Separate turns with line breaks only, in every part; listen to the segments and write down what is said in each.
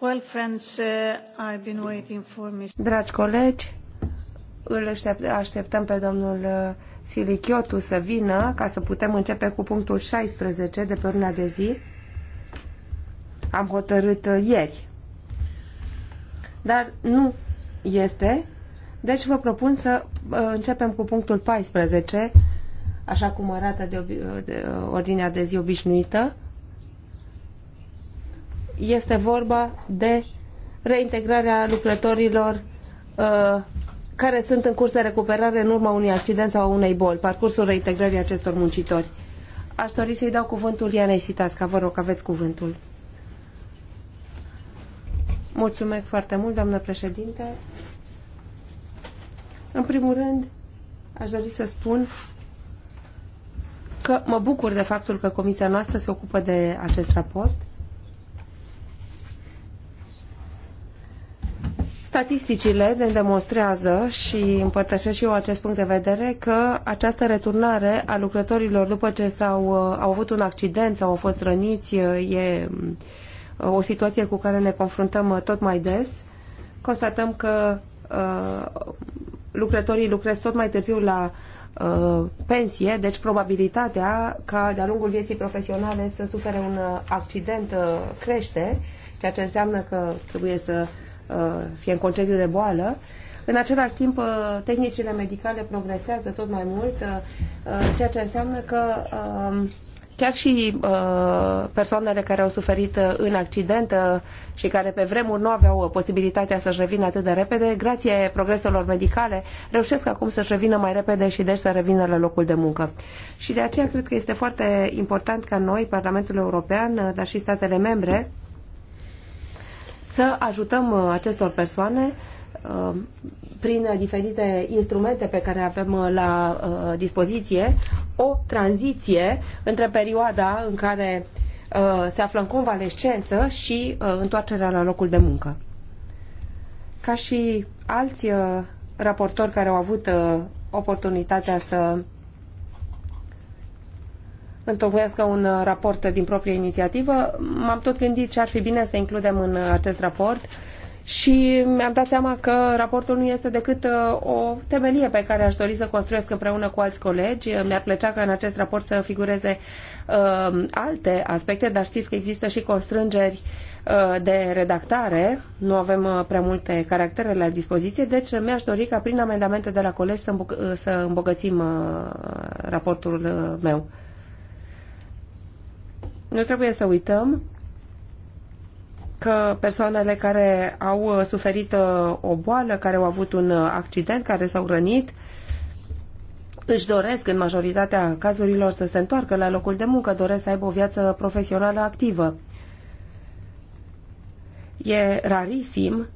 Uh, Dragi colegi, îl așteptăm pe domnul uh, Silichiotu să vină ca să putem începe cu punctul 16 de pe ordinea de zi. Am hotărât uh, ieri. Dar nu este. Deci vă propun să începem cu punctul 14, așa cum arată de, de ordinea de zi obișnuită este vorba de reintegrarea lucrătorilor uh, care sunt în curs de recuperare în urma unui accident sau unei boli, parcursul reintegrării acestor muncitori. Aș dori să-i dau cuvântul Ianei Sitasca. Vă rog, aveți cuvântul. Mulțumesc foarte mult, doamnă președinte. În primul rând, aș dori să spun că mă bucur de faptul că comisia noastră se ocupă de acest raport Statisticile ne demonstrează și împărtășesc și eu acest punct de vedere că această returnare a lucrătorilor după ce s-au uh, au avut un accident sau au fost răniți uh, e uh, o situație cu care ne confruntăm tot mai des. Constatăm că uh, lucrătorii lucrez tot mai târziu la uh, pensie, deci probabilitatea ca de-a lungul vieții profesionale să sufere un accident uh, crește, ceea ce înseamnă că trebuie să Uh, fie în concediu de boală. În același timp, uh, tehnicile medicale progresează tot mai mult, uh, ceea ce înseamnă că um, chiar și persoanele care au suferit în accident și care pe vremuri nu aveau posibilitatea să-și revină atât de repede, grație progreselor medicale, reușesc acum să-și revină mai repede și deci să revină la locul de muncă. Și de aceea cred că este foarte important ca noi, Parlamentul European, dar și statele membre, să ajutăm uh, acestor persoane uh, prin diferite instrumente pe care avem uh, la dispoziție o tranziție între perioada în care se află în convalescență și întoarcerea la locul de muncă. Ca și alți raportori care au avut oportunitatea să întocmească un uh, raport din proprie inițiativă, m-am tot gândit ce ar fi bine să includem în uh, acest raport și mi-am dat seama că raportul nu este decât uh, o temelie pe care aș dori să construiesc împreună cu alți colegi. Mi-ar plăcea ca în acest raport să figureze uh, alte aspecte, dar știți că există și constrângeri de redactare, nu avem prea multe caractere la dispoziție, deci mi-aș dori ca prin amendamente de la colegi să, îmbog- să îmbogățim raportul meu nu trebuie să uităm că persoanele care au uh, suferit uh, o boală, care au avut un uh, accident, care s-au rănit, își doresc în majoritatea cazurilor să se întoarcă la locul de muncă, doresc să aibă o viață profesională activă. E rarisim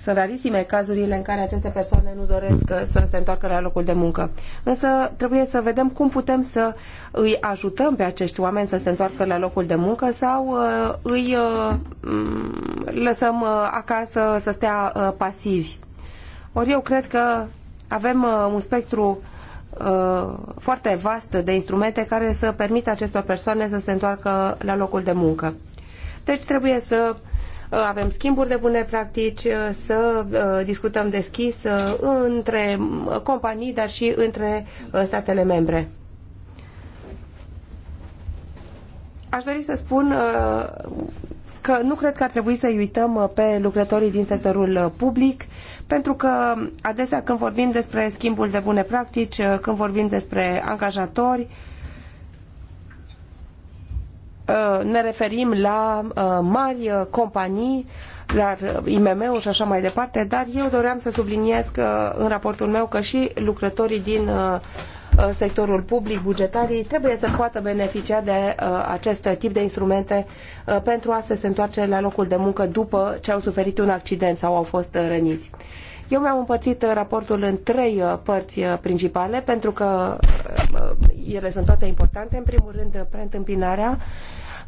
sunt rarisime cazurile în care aceste persoane nu doresc uh, să se întoarcă la locul de muncă. Însă trebuie să vedem cum putem să îi ajutăm pe acești oameni să se întoarcă la locul de muncă sau uh, îi uh, mm, lăsăm acasă să stea pasivi. Ori eu cred că avem un spectru foarte vast de instrumente care să permită acestor persoane să se întoarcă la locul de muncă. Deci trebuie să Uh, avem schimburi de bune practici, uh, să uh, discutăm deschis între companii, dar și între statele membre. Aș dori să spun că nu cred că ar trebui să-i uităm pe lucrătorii din sectorul public, pentru că adesea când vorbim despre schimbul de bune practici, când vorbim despre angajatori, Uh, ne referim la uh, mari uh, companii, la IMM-uri și așa mai departe, dar eu doream să subliniez că, în raportul meu că și lucrătorii din sectorul public, bugetarii, trebuie să poată beneficia de acest tip de instrumente pentru a se, întoarce la locul de muncă după ce au suferit un accident sau au fost răniți. Eu mi-am împărțit raportul în trei părți principale, pentru că ele sunt toate importante. În primul rând, preîntâmpinarea,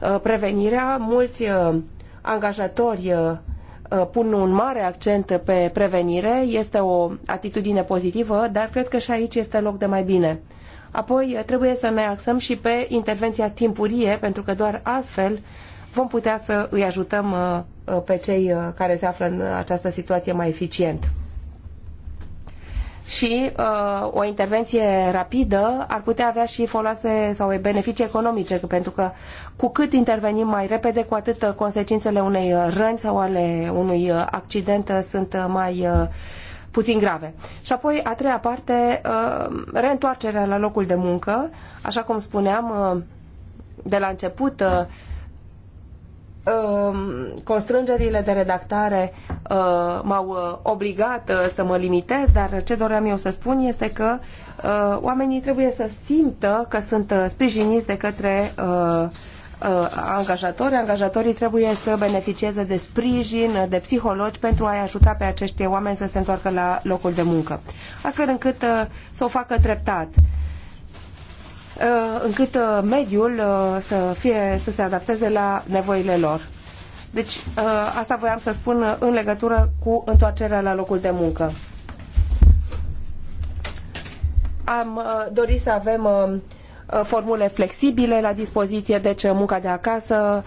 Uh, prevenirea. Mulți uh, angajatori uh, pun un mare accent pe prevenire, este o atitudine pozitivă, dar cred că și aici este loc de mai bine. Apoi trebuie să ne axăm și pe intervenția timpurie, pentru că doar astfel vom putea să îi ajutăm pe cei care se află în această situație mai eficient și uh, o intervenție rapidă ar putea avea și foloase sau beneficii economice, pentru că cu cât intervenim mai repede, cu atât uh, consecințele unei uh, răni sau ale unui uh, accident sunt mai uh, puțin grave. Și apoi, a treia parte, uh, reîntoarcerea la locul de muncă, așa cum spuneam, uh, de la început, Um, constrângerile de redactare uh, m-au uh, obligat uh, să mă limitez, dar ce doream eu să spun este că oamenii trebuie să simtă că sunt sprijiniți de către angajatori. Angajatorii trebuie să beneficieze de sprijin, de psihologi pentru a-i ajuta pe acești oameni să se întoarcă la locul de muncă, astfel încât să o facă treptat Uh, încât uh, mediul uh, să, fie, să se adapteze la nevoile lor. Deci asta voiam să spun în legătură cu întoarcerea la locul de muncă. Am dorit să avem formule flexibile la dispoziție, deci munca de acasă,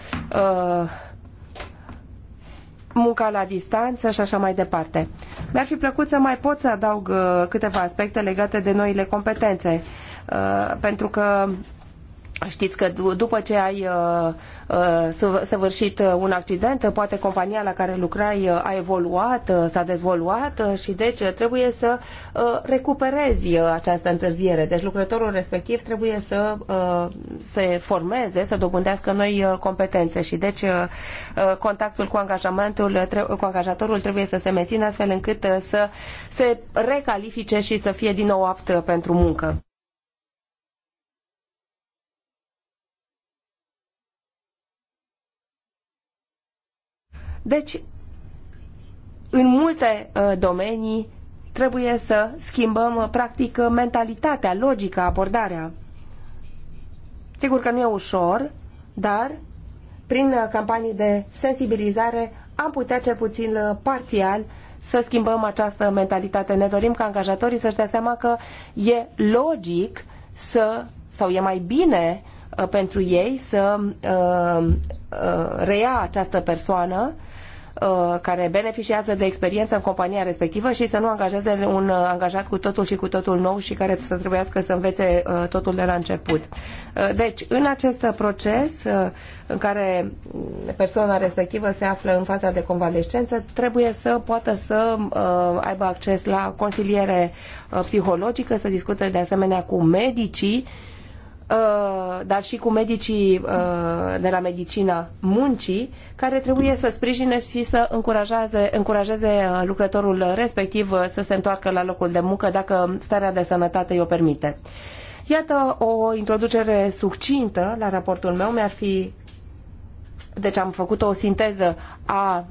munca la distanță și așa mai departe. Mi-ar fi plăcut să mai pot să adaug câteva aspecte legate de noile competențe. Uh, pentru că Știți că după ce ai uh, uh săvârșit uh, un accident, poate compania la care lucrai a evoluat, s-a dezvoluat, și deci trebuie să recuperezi această întârziere. Deci lucrătorul respectiv trebuie să se formeze, să dobândească noi competențe și deci contactul cu, angajamentul, cu angajatorul trebuie să se mențină astfel încât să se recalifice și să fie din nou apt pentru muncă. Deci, în multe uh, domenii trebuie să schimbăm uh, practic uh, mentalitatea, logica, abordarea. Sigur că nu e ușor, dar prin campanii de sensibilizare am putea cel puțin parțial să schimbăm această mentalitate. Ne dorim ca angajatorii să-și dea seama că e logic să, sau e mai bine pentru ei să uh, uh, reia această persoană uh, Uh, care beneficiază de experiență în compania respectivă și să nu angajeze un uh, angajat cu totul și cu totul nou și care să trebuiască să învețe uh, totul de la început. Deci, în acest proces în care persoana respectivă se află în faza de convalescență, trebuie să poată să aibă acces la consiliere psihologică, să discute de asemenea cu medicii Uh, dar și cu medicii uh, de la medicina muncii, care trebuie să sprijine și să încurajeze, încurajeze uh, lucrătorul respectiv să se întoarcă la locul de muncă dacă starea de sănătate îi o permite. Iată o introducere succintă la raportul meu. Mi-ar fi deci am făcut o sinteză a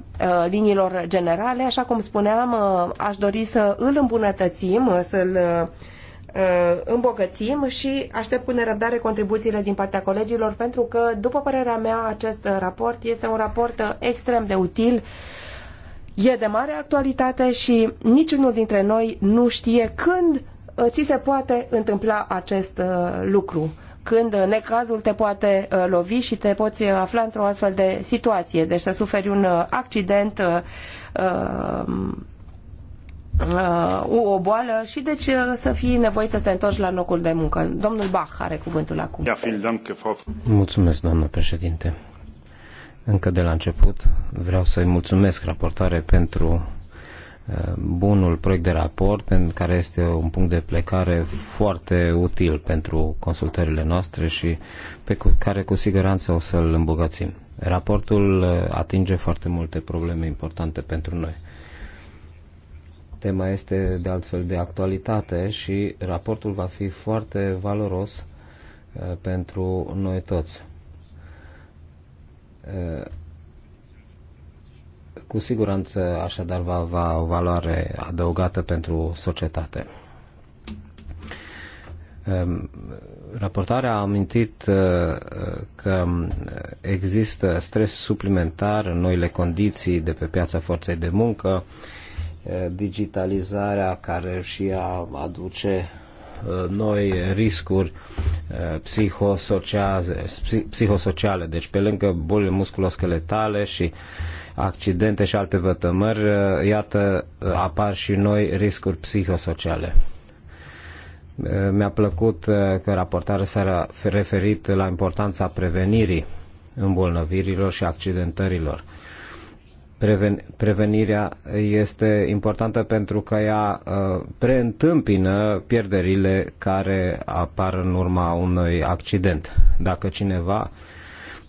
liniilor generale. Așa cum spuneam, aș dori să îl îmbunătățim, să-l Uh, îmbogățim și aștept cu nerăbdare contribuțiile din partea colegilor pentru că, după părerea mea, acest raport este un raport extrem de util e de mare actualitate și niciunul dintre noi nu știe când uh, ți se poate întâmpla acest uh, lucru, când necazul te poate lovi și te poți afla într-o astfel de situație, deci să suferi un accident uh, o boală și deci uh, să fii nevoit să te întorci la locul de muncă. Domnul Bach are cuvântul acum.
Mulțumesc, doamnă președinte. Încă de la început vreau să-i mulțumesc raportare pentru uh, bunul proiect de raport, în care este un punct de plecare foarte util pentru consultările noastre și pe care cu siguranță o să-l îmbogățim. Raportul uh, atinge foarte multe probleme importante pentru noi. Tema este de altfel de actualitate și raportul va fi foarte valoros uh, pentru noi toți. Uh, cu siguranță așadar va avea o valoare adăugată pentru societate. Um, raportarea a amintit uh, că există stres suplimentar în noile condiții de pe piața forței de muncă, digitalizarea care și a aduce uh, noi riscuri uh, psihosociale, psihosociale. Deci pe lângă bolile musculoscheletale și accidente și alte vătămări, uh, iată, apar și noi riscuri psihosociale. Mi-a plăcut că raportarea s-a referit la importanța prevenirii îmbolnăvirilor și accidentărilor Preven prevenirea este importantă pentru că ea uh, preîntâmpină pierderile care apar în urma unui accident. Dacă cineva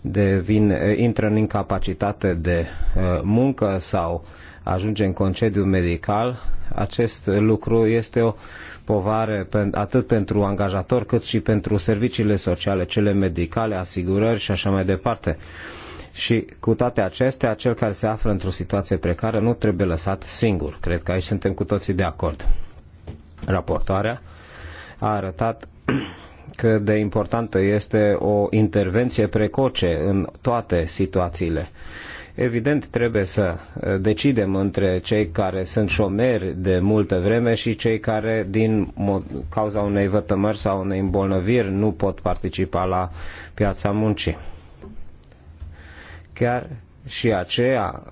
devin, uh, intră în incapacitate de uh, muncă sau ajunge în concediu medical, acest lucru este o povare atât pentru angajator cât și pentru serviciile sociale, cele medicale, asigurări și așa mai departe și cu toate acestea, cel care se află într-o situație precară nu trebuie lăsat singur. Cred că aici suntem cu toții de acord. Raportarea a arătat că de importantă este o intervenție precoce în toate situațiile. Evident, trebuie să eh, decidem între cei care sunt șomeri de multă vreme și cei care, din cauza unei vătămări sau unei îmbolnăviri, nu pot participa la piața muncii chiar și aceea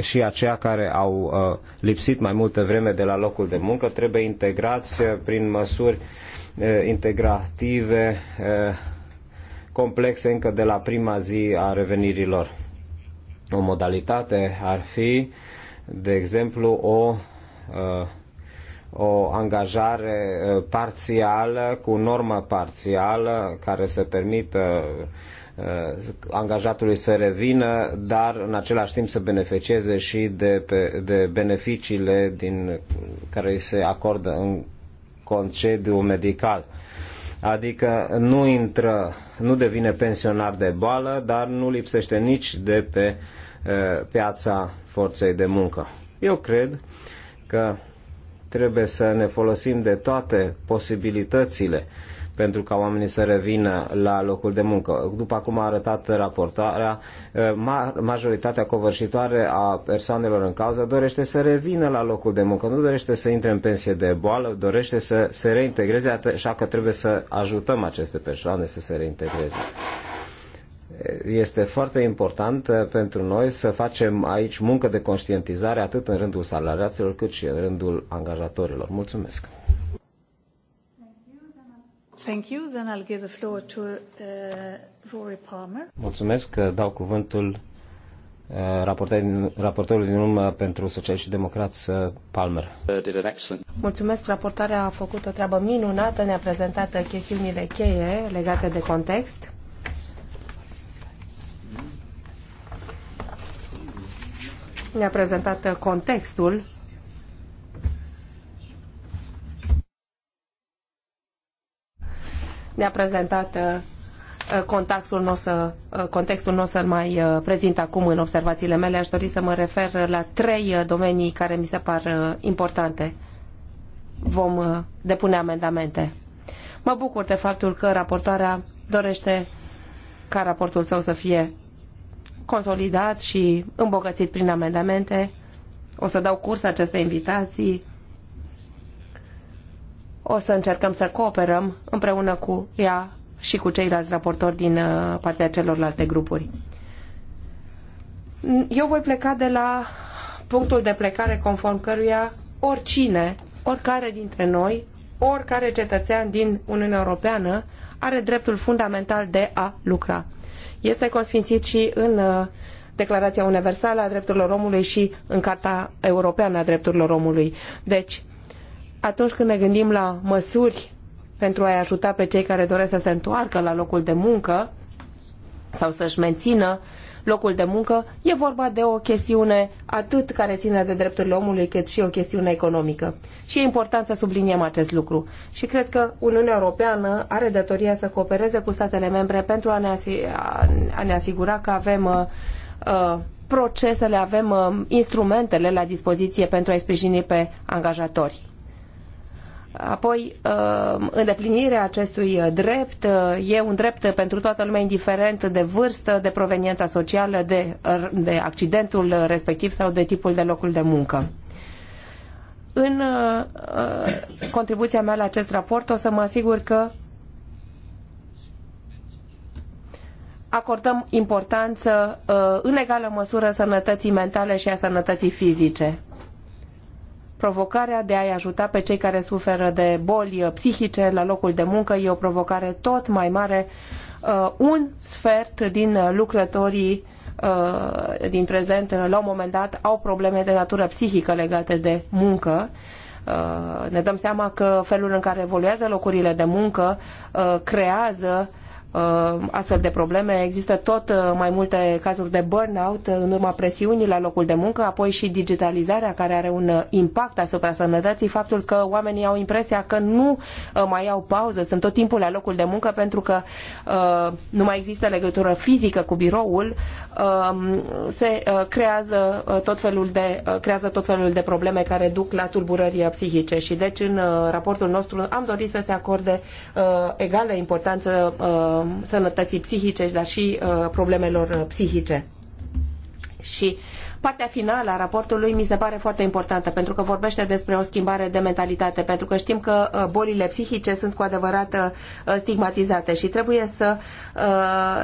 și aceia care au lipsit mai multă vreme de la locul de muncă trebuie integrați prin măsuri integrative complexe încă de la prima zi a revenirilor. O modalitate ar fi, de exemplu, o, o angajare parțială cu normă parțială care să permită Uh, angajatului să revină, dar în același timp să beneficieze și de, de beneficiile din care îi se acordă în concediu medical. Adică nu intră, nu devine pensionar de boală, dar nu lipsește nici de pe uh, piața forței de muncă. Eu cred că trebuie să ne folosim de toate posibilitățile uh, pentru ca oamenii să revină la locul de muncă. După cum a arătat raportarea, eh, majoritatea covârșitoare a persoanelor în cauză dorește să revină la locul de muncă, nu dorește să intre în pensie de boală, dorește să se reintegreze, așa că trebuie să ajutăm aceste persoane să se reintegreze eh, este foarte important eh, pentru noi să facem aici muncă de conștientizare atât în rândul salariaților cât și în rândul angajatorilor. Mulțumesc!
Thank you. Then I'll give the floor to uh, Rory Palmer.
Mulțumesc că dau cuvântul uh, raportorul din urmă pentru socialiști și democrați, uh, Palmer.
Mulțumesc, raportarea a făcut o treabă minunată, ne-a prezentat chestiunile cheie legate de context. Ne-a prezentat contextul ne-a prezentat uh, uh, uh, contextul nu o să, contextul nu o să-l mai prezint acum în observațiile mele. Aș dori să mă refer la trei domenii care mi se par importante. Vom depune amendamente. Mă bucur de faptul că raportoarea dorește ca raportul său să fie consolidat și îmbogățit prin amendamente. O să dau curs acestei invitații o să încercăm să cooperăm împreună cu ea și cu ceilalți raportori din uh, partea celorlalte grupuri. Eu voi pleca de la punctul de plecare conform căruia oricine, oricare dintre noi, oricare cetățean din Uniunea Europeană are dreptul fundamental de a lucra. Este consfințit și în uh, Declarația Universală a Drepturilor Omului și în Carta Europeană a Drepturilor Omului. Deci, atunci când ne gândim la măsuri pentru a-i ajuta pe cei care doresc să se întoarcă la locul de muncă sau să-și mențină locul de muncă, e vorba de o chestiune atât care ține de drepturile omului, cât și o chestiune economică. Și e important să subliniem acest lucru. Și cred că Uniunea Europeană are datoria să coopereze cu statele membre pentru a ne, asig a ne asigura că avem uh, uh, procesele, avem uh, instrumentele la dispoziție pentru a-i sprijini pe angajatori. Apoi, uh, îndeplinirea acestui uh, drept uh, e un drept pentru toată lumea, indiferent de vârstă, de proveniența socială, de, de accidentul respectiv sau de tipul de locul de muncă. În contribuția mea la acest raport o să mă asigur că acordăm importanță în egală măsură sănătății mentale și a sănătății fizice provocarea de a-i ajuta pe cei care suferă de boli psihice la locul de muncă e o provocare tot mai mare. Uh, un sfert din lucrătorii uh, din prezent, uh, la un moment dat, au probleme de natură psihică legate de muncă. Ne dăm seama că felul în care evoluează locurile de muncă creează Uh, astfel de probleme. Există tot uh, mai multe cazuri de burnout uh, în urma presiunii la locul de muncă, apoi și digitalizarea care are un impact asupra sănătății, faptul că oamenii au impresia că nu mai au pauză, sunt tot timpul la locul de muncă pentru că nu mai există legătură fizică cu biroul, um, se creează tot felul de, creează tot felul de probleme care duc la tulburări psihice și deci în raportul nostru am dorit să se acorde egală importanță Uh, sănătății psihice, dar și uh, problemelor uh, psihice. Și partea finală a raportului mi se pare foarte importantă pentru că vorbește despre o schimbare de mentalitate, pentru că știm că bolile psihice sunt cu adevărat stigmatizate și trebuie să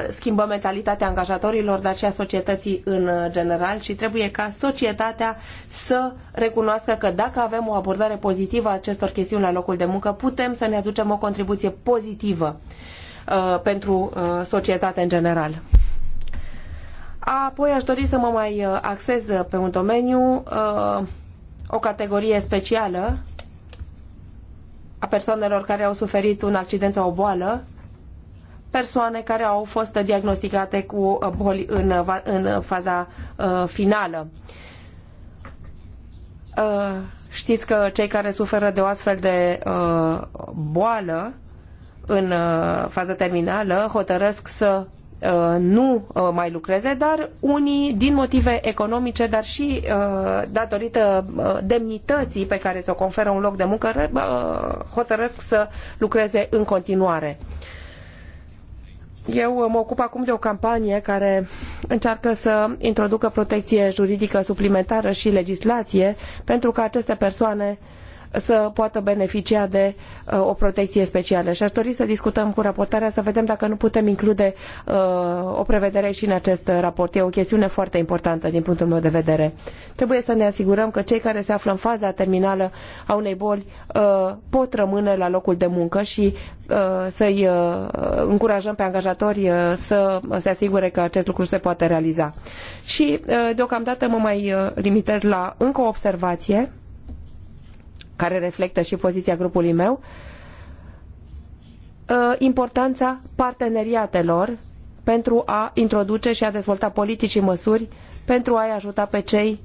schimbăm mentalitatea angajatorilor, dar și a societății în general și trebuie ca societatea să recunoască că dacă avem o abordare pozitivă a acestor chestiuni la locul de muncă, putem să ne aducem o contribuție pozitivă Uh, pentru uh, societate în general. Apoi aș dori să mă mai uh, axez pe un domeniu, o categorie specială a persoanelor care au suferit un accident sau o boală, persoane care au fost diagnosticate cu boli în, în faza finală. Știți că cei care suferă de o astfel de boală în uh, fază terminală hotărăsc să uh, nu uh, mai lucreze, dar unii din motive economice, dar și datorită demnității pe care ți-o conferă un loc de muncă, hotărăsc să lucreze în continuare. Eu mă ocup acum de o campanie care încearcă să introducă protecție juridică suplimentară și legislație pentru ca aceste persoane uh, să poată beneficia de uh, o protecție specială. Și aș dori să discutăm cu raportarea să vedem dacă nu putem include uh, o prevedere și în acest raport. E o chestiune foarte importantă din punctul meu de vedere. Trebuie să ne asigurăm că cei care se află în faza terminală a unei boli uh, pot rămâne la locul de muncă și să-i încurajăm pe angajatori să se asigure că acest lucru se poate realiza. Și deocamdată mă mai limitez la încă o observație care reflectă și poziția grupului meu, uh, importanța parteneriatelor pentru a introduce și a dezvolta politici și măsuri pentru a-i ajuta pe cei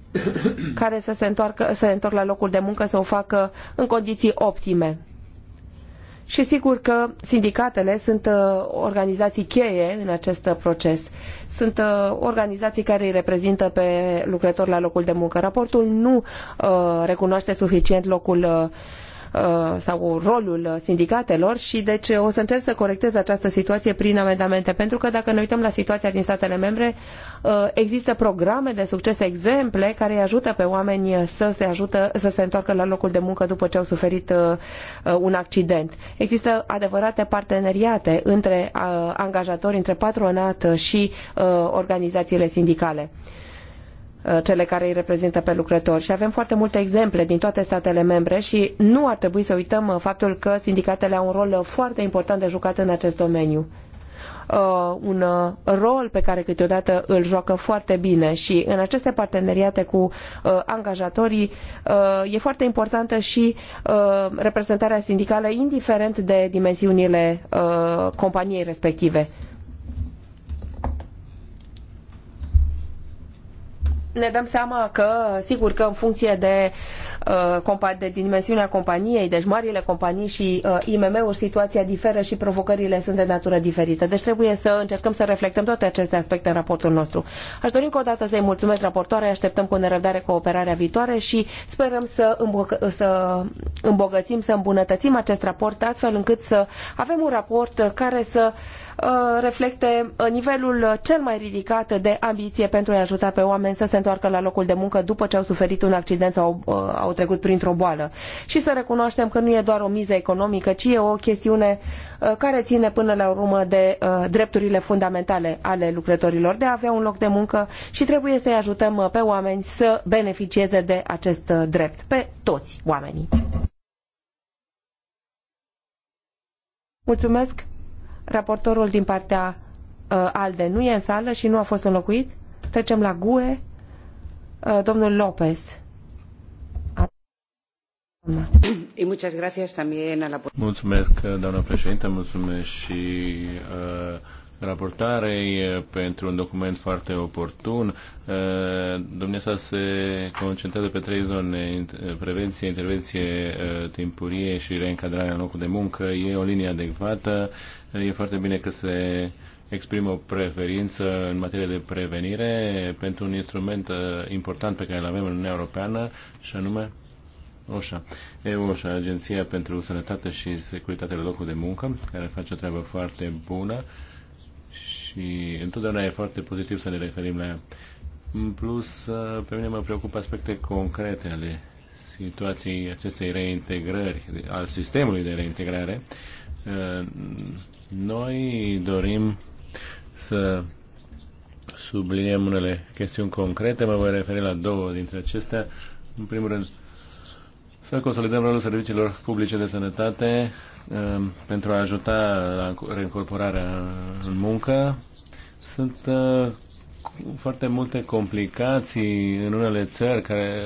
care să se, întoarcă, să se întorc la locul de muncă să o facă în condiții optime și sigur că sindicatele sunt uh, organizații cheie în acest proces. Sunt uh, organizații care îi reprezintă pe lucrători la locul de muncă. Raportul nu uh, recunoaște suficient locul Uh, sau rolul sindicatelor și deci o să încerc să corectez această situație prin amendamente, pentru că dacă ne uităm la situația din statele membre, uh, există programe de succes, exemple care îi ajută pe oameni să se ajută să se întoarcă la locul de muncă după ce au suferit uh, un accident. Există adevărate parteneriate între angajatori, între patronat și organizațiile sindicale. Uh, cele care îi reprezintă pe lucrători. Și avem foarte multe exemple din toate statele membre și nu ar trebui să uităm uh, faptul că sindicatele au un rol uh, foarte important de jucat în acest domeniu. un rol pe care câteodată îl joacă foarte bine și în aceste parteneriate cu angajatorii e foarte importantă și reprezentarea sindicală indiferent de dimensiunile companiei respective. ne dăm seama că, sigur că în funcție de Uh, de dimensiunea companiei, deci marile companii și uh, IMM-uri, situația diferă și provocările sunt de natură diferită. Deci trebuie să încercăm să reflectăm toate aceste aspecte în raportul nostru. Aș dori încă o dată să-i mulțumesc raportoare, așteptăm cu nerăbdare cooperarea viitoare și sperăm să, îmbogă- să îmbogățim, să îmbunătățim acest raport astfel încât să avem un raport care să uh, reflecte nivelul cel mai ridicat de ambiție pentru a ajuta pe oameni să se întoarcă la locul de muncă după ce au suferit un accident sau au au trecut printr-o boală. Și să recunoaștem că nu e doar o miză economică, ci e o chestiune uh, care ține până la urmă de uh, drepturile fundamentale ale lucrătorilor de a avea un loc de muncă și trebuie să-i ajutăm uh, pe oameni să beneficieze de acest drept, pe toți oamenii. Mulțumesc. Raportorul din partea uh, ALDE nu e în sală și nu a fost înlocuit. Trecem la GUE. Uh, domnul Lopez
Mulțumesc, doamna președintă, mulțumesc și uh, raportarei uh, pentru un document foarte oportun. Uh, dumneavoastră se concentrează pe trei zone, prevenție, intervenție uh, timpurie și reîncadrarea în locul de muncă. E o linie adecvată, e foarte bine că se exprimă o preferință în materie de prevenire pentru un instrument important pe care îl avem în Uniunea Europeană și anume OSHA. E OSHA, Agenția pentru Sănătate și securitate la Locul de Muncă, care face o treabă foarte bună și întotdeauna e foarte pozitiv să ne referim la ea. În plus, pe mine mă preocupă aspecte concrete ale situației acestei reintegrări, al sistemului de reintegrare. Noi dorim să subliniem unele chestiuni concrete. Mă voi referi la două dintre acestea. În primul rând, să consolidăm rolul serviciilor publice de sănătate um, pentru a ajuta la reincorporarea în muncă. Sunt uh, foarte multe complicații în unele țări care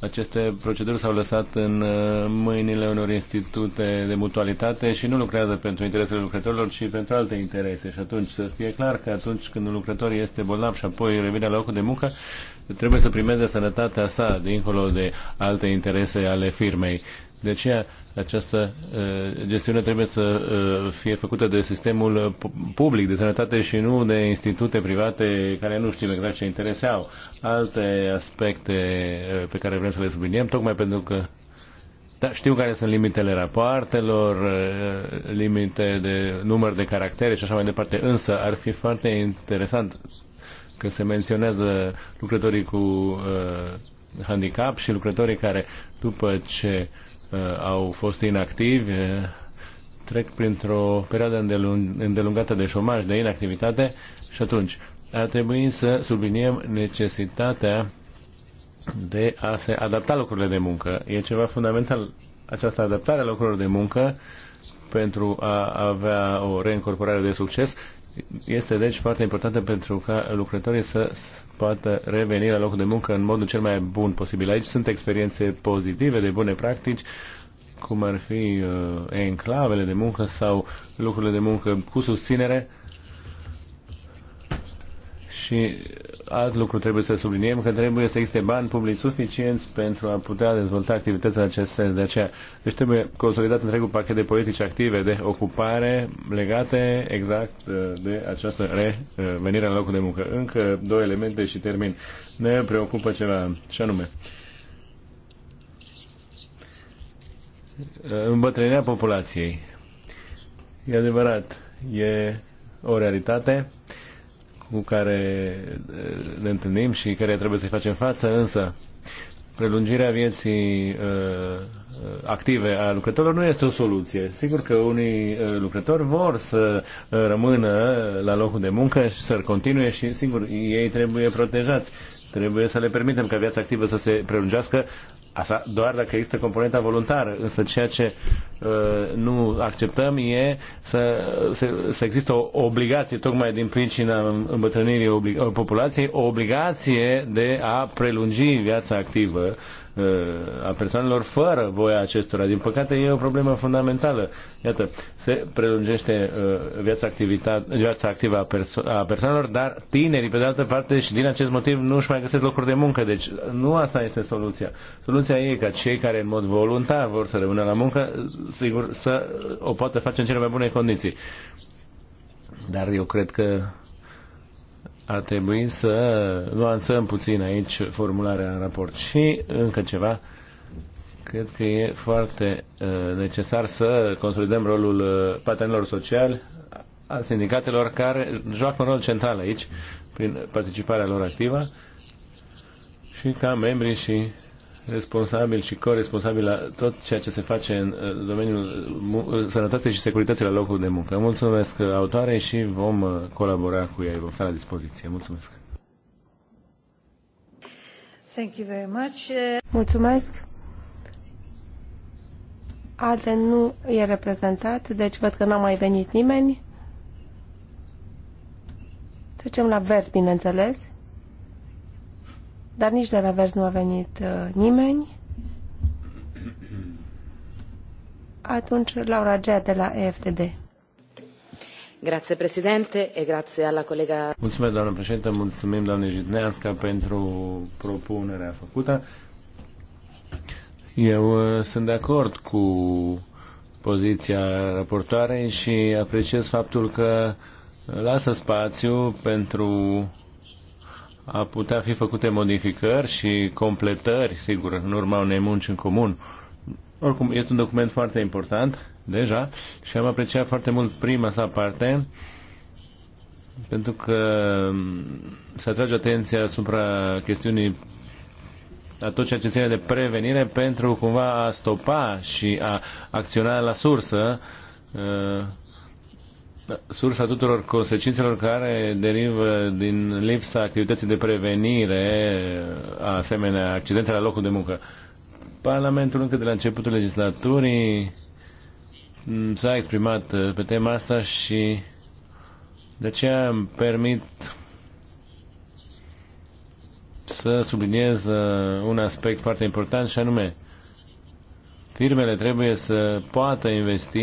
aceste proceduri s-au lăsat în uh, mâinile unor institute de mutualitate și nu lucrează pentru interesele lucrătorilor, ci pentru alte interese. Și atunci să fie clar că atunci când un lucrător este bolnav și apoi revine la locul de muncă, trebuie să primeze sănătatea sa dincolo de alte interese ale firmei. De aceea această gestiune trebuie să fie făcută de sistemul public de sănătate și nu de institute private care nu știm exact ce intereseau. Alte aspecte pe care vrem să le subliniem, tocmai pentru că da, știu care sunt limitele rapoartelor, limite de număr de caractere și așa mai departe, însă ar fi foarte interesant că se menționează lucrătorii cu uh, handicap și lucrătorii care, după ce Uh, au fost inactivi, uh, trec printr-o perioadă îndelungată de șomaj, de inactivitate și atunci ar trebui să subliniem necesitatea de a se adapta locurile de muncă. E ceva fundamental această adaptare a locurilor de muncă pentru a avea o reincorporare de succes este deci foarte importantă pentru ca lucrătorii să poată reveni la locul de muncă în modul cel mai bun posibil. Aici sunt experiențe pozitive de bune practici, cum ar fi uh, enclavele de muncă sau lucrurile de muncă cu susținere și alt lucru trebuie să subliniem că trebuie să existe bani publici suficienți pentru a putea dezvolta activitățile în acest sens. De aceea, deci trebuie consolidat întregul pachet de politici active de ocupare legate exact uh, de această revenire în locul de muncă. Încă două elemente și termin. Ne preocupă ceva, și anume. Uh, îmbătrânirea populației. E adevărat, e o realitate cu care eh, ne întâlnim și care trebuie să-i facem față, însă prelungirea vieții uh, active a lucrătorilor nu este o soluție. Sigur că unii uh, lucrători vor să uh, rămână la locul de muncă și să-l continue și, sigur, ei trebuie protejați. Trebuie să le permitem ca viața activă să se prelungească Asta doar dacă există componenta voluntară, însă ceea ce uh, nu acceptăm e să, să, să există o obligație, tocmai din pricina îmbătrânirii populației, o obligație de a prelungi viața activă a persoanelor fără voia acestora. Din păcate e o problemă fundamentală. Iată, se prelungește uh, viața, viața activă a, perso- a persoanelor, dar tinerii, pe de altă parte, și din acest motiv nu își mai găsesc locuri de muncă. Deci nu asta este soluția. Soluția e ca cei care în mod voluntar vor să rămână la muncă, sigur, să o poată face în cele mai bune condiții. Dar eu cred că ar trebui să nuanțăm puțin aici formularea în raport. Și încă ceva, cred că e foarte uh, necesar să consolidăm rolul uh, patenilor sociali, a sindicatelor care joacă un rol central aici, prin participarea lor activă, și ca membrii și responsabil și corresponsabil la tot ceea ce se face în uh, domeniul uh, uh, sănătății și securității la locul de muncă. Mulțumesc autoare și vom colabora cu ei. vom sta la dispoziție. Mulțumesc!
Thank you very much. Mulțumesc! Alte nu e reprezentat, deci văd că n-a mai venit nimeni. Trecem la vers, bineînțeles. Dar nici de la vers nu a venit uh, nimeni. Atunci, Laura Gea de la EFTD. Grazie Presidente e grazie alla collega...
Mulțumesc, doamnă președintă, mulțumim, doamne Jitneasca, pentru propunerea făcută. Eu uh, sunt de acord cu poziția raportoarei și apreciez faptul că lasă spațiu pentru a putea fi făcute modificări și completări, sigur, în urma unei munci în comun. Oricum, este un document foarte important, deja, și am apreciat foarte mult prima sa parte, pentru că mm, se atrage atenția asupra chestiunii a tot ceea ce ține de prevenire pentru cumva a stopa și a acționa la sursă uh, da, sursa tuturor consecințelor care derivă din lipsa activității de prevenire a asemenea accidente la locul de muncă. Parlamentul încă de la începutul legislaturii s-a exprimat uh, pe tema asta și de aceea îmi permit să subliniez uh, un aspect foarte important și anume Firmele trebuie să poată investi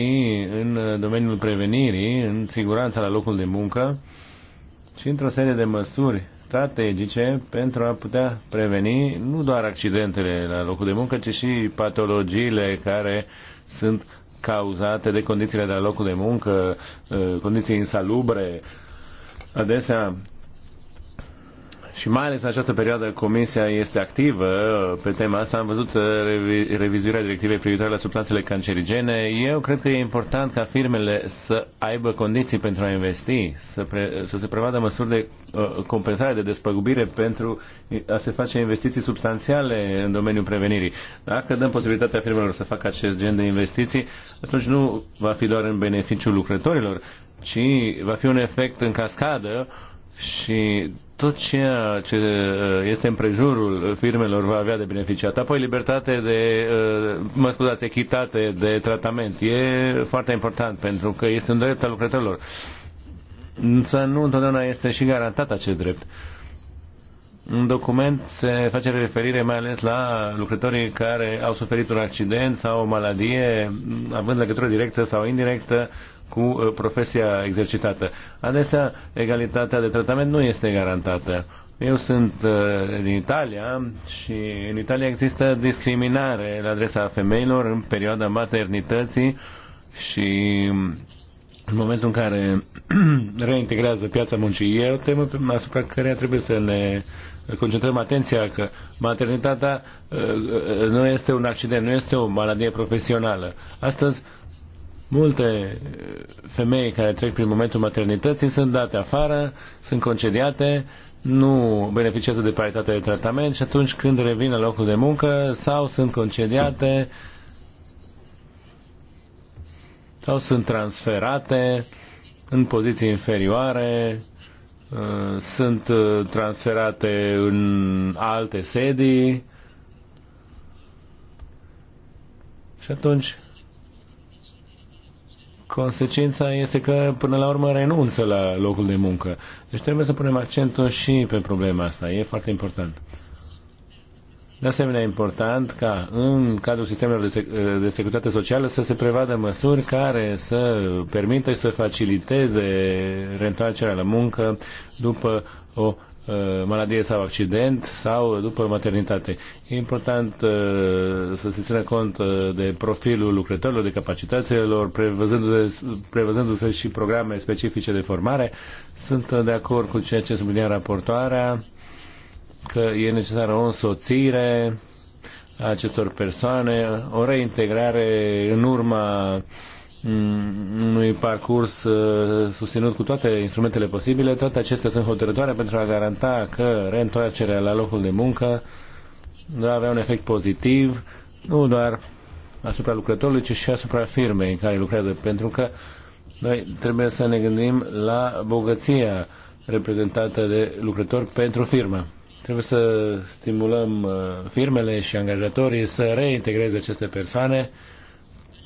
în domeniul prevenirii, în siguranța la locul de muncă și într-o serie de măsuri strategice pentru a putea preveni nu doar accidentele la locul de muncă, ci și patologiile care sunt cauzate de condițiile de la locul de muncă, eh, condiții insalubre. Adesea și mai ales în această perioadă Comisia este activă pe tema asta. Am văzut uh, revi, revizuirea directivei privitoare la substanțele cancerigene. Eu cred că e important ca firmele să aibă condiții pentru a investi, să, pre, să se prevadă măsuri de uh, compensare, de despăgubire pentru a se face investiții substanțiale în domeniul prevenirii. Dacă dăm posibilitatea firmelor să facă acest gen de investiții, atunci nu va fi doar în beneficiul lucrătorilor, ci va fi un efect în cascadă uh, și tot ceea ce uh, este în prejurul firmelor va avea de beneficiat. Apoi libertate de, uh, mă scuzați, echitate de tratament. E foarte important pentru că este un drept al lucrătorilor. Însă nu întotdeauna este și garantat acest drept. Un document se face referire mai ales la lucrătorii care au suferit un accident sau o maladie, având legătură directă sau indirectă cu uh, profesia exercitată. Adesea, egalitatea de tratament nu este garantată. Eu sunt din uh, Italia și în Italia există discriminare la adresa femeilor în perioada maternității și în momentul în care reintegrează piața muncii. E o temă asupra care trebuie să ne concentrăm atenția că maternitatea uh, nu este un accident, nu este o maladie profesională. Astăzi Multe eh, femei care trec prin momentul maternității sunt date afară, sunt concediate, nu beneficiază de paritate de tratament și atunci când revin la locul de muncă sau sunt concediate sau sunt transferate în poziții inferioare, eh, sunt eh, transferate în alte sedii și atunci Consecința este că până la urmă renunță la locul de muncă. Deci trebuie să punem accentul și pe problema asta. E foarte important. De asemenea, important ca în cadrul sistemelor de, sec de securitate socială să se prevadă măsuri care să permită și să faciliteze reîntoarcerea la muncă după o Uh, maladie sau accident sau după maternitate. E important uh, să se țină cont uh, de profilul lucrătorilor, de capacitățile lor, prevăzându-se, prevăzându-se și programe specifice de formare. Sunt de acord cu ceea ce sublinia raportoarea, că e necesară o însoțire a acestor persoane, o reintegrare în urma Mm, unui parcurs uh, susținut cu toate instrumentele posibile, toate acestea sunt hotărătoare pentru a garanta că reîntoarcerea la locul de muncă va avea un efect pozitiv, nu doar asupra lucrătorului, ci și asupra firmei în care lucrează, pentru că noi trebuie să ne gândim la bogăția reprezentată de lucrători pentru firmă. Trebuie să stimulăm uh, firmele și angajatorii să reintegreze aceste persoane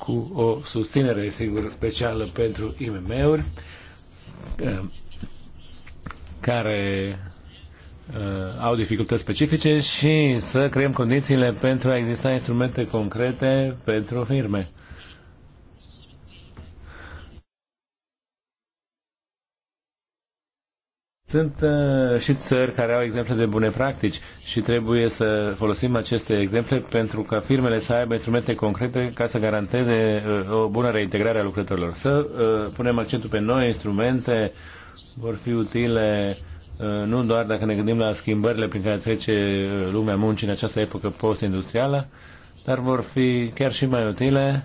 cu o susținere, sigur, specială pentru IMM-uri eh, care eh, au dificultăți specifice și să creăm condițiile pentru a exista instrumente concrete pentru firme. Sunt uh, și țări care au exemple de bune practici și trebuie să folosim aceste exemple pentru ca firmele să aibă instrumente concrete ca să garanteze uh, o bună reintegrare a lucrătorilor. Să uh, punem accentul pe noi instrumente vor fi utile uh, nu doar dacă ne gândim la schimbările prin care trece uh, lumea muncii în această epocă post-industrială, dar vor fi chiar și mai utile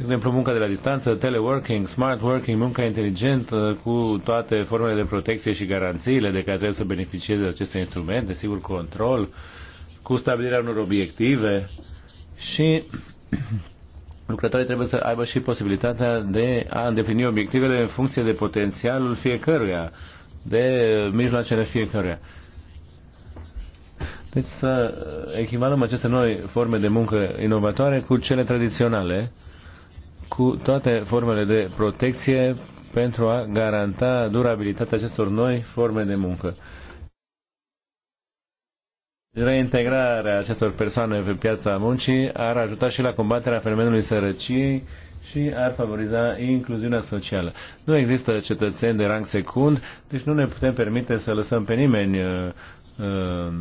de exemplu, munca de la distanță, teleworking, smart working, munca inteligentă cu toate formele de protecție și garanțiile de care trebuie să beneficieze aceste instrumente, sigur, control, cu stabilirea unor obiective și lucrătorii trebuie să aibă și posibilitatea de a îndeplini obiectivele în funcție de potențialul fiecăruia, de mijloacele fiecăruia. Deci să echivalăm aceste noi forme de muncă inovatoare cu cele tradiționale cu toate formele de protecție pentru a garanta durabilitatea acestor noi forme de muncă. Reintegrarea acestor persoane pe piața muncii ar ajuta și la combaterea fenomenului sărăciei și ar favoriza incluziunea socială. Nu există cetățeni de rang secund, deci nu ne putem permite să lăsăm pe nimeni uh, Ehm,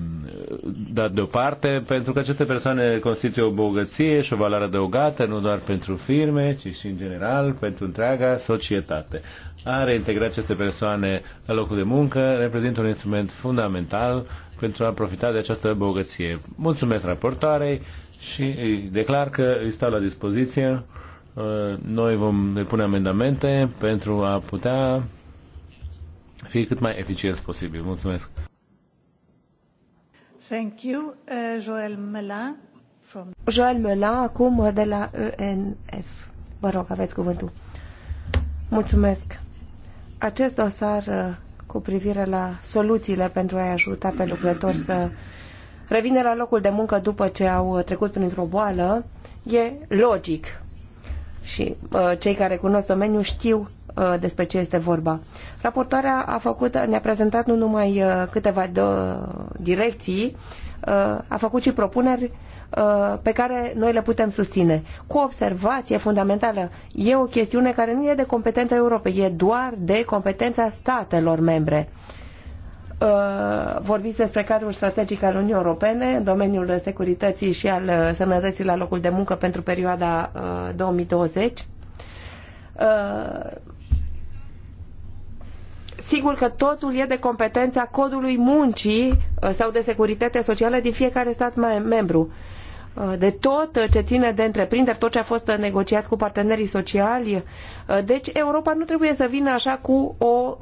dat deoparte, pentru că aceste persoane constituie o bogăție și o valoare adăugată, nu doar pentru firme, ci și în general pentru întreaga societate. A reintegra aceste persoane la locul de muncă reprezintă un instrument fundamental pentru a profita de această bogăție. Mulțumesc raportoarei și declar că îi stau la dispoziție. Ehm, noi vom depune amendamente pentru a putea fi cât mai eficienți posibil. Mulțumesc!
Uh, Joel Melin. acum uh, de la ENF. Vă rog, aveți cuvântul. Mulțumesc. Acest dosar uh, cu privire la soluțiile pentru a-i ajuta pe lucrători să revină la locul de muncă după ce au trecut printr-o boală, e logic. Și cei care cunosc domeniul știu Uh, despre ce este vorba. Raportoarea a făcut, ne-a prezentat nu numai uh, câteva direcții, uh, a făcut și propuneri pe care noi le putem susține. Cu observație fundamentală, e o chestiune care nu e de competența Europei, e doar de competența statelor membre. Vorbiți despre cadrul strategic al Uniunii Europene în domeniul securității și al sănătății la locul de muncă pentru perioada 2020 Sigur că totul e de competența codului muncii uh, sau de securitate socială din fiecare stat membru. Uh, de tot ce ține de întreprinderi, tot ce a fost negociat cu partenerii sociali. Uh, deci Europa nu trebuie să vină așa cu o,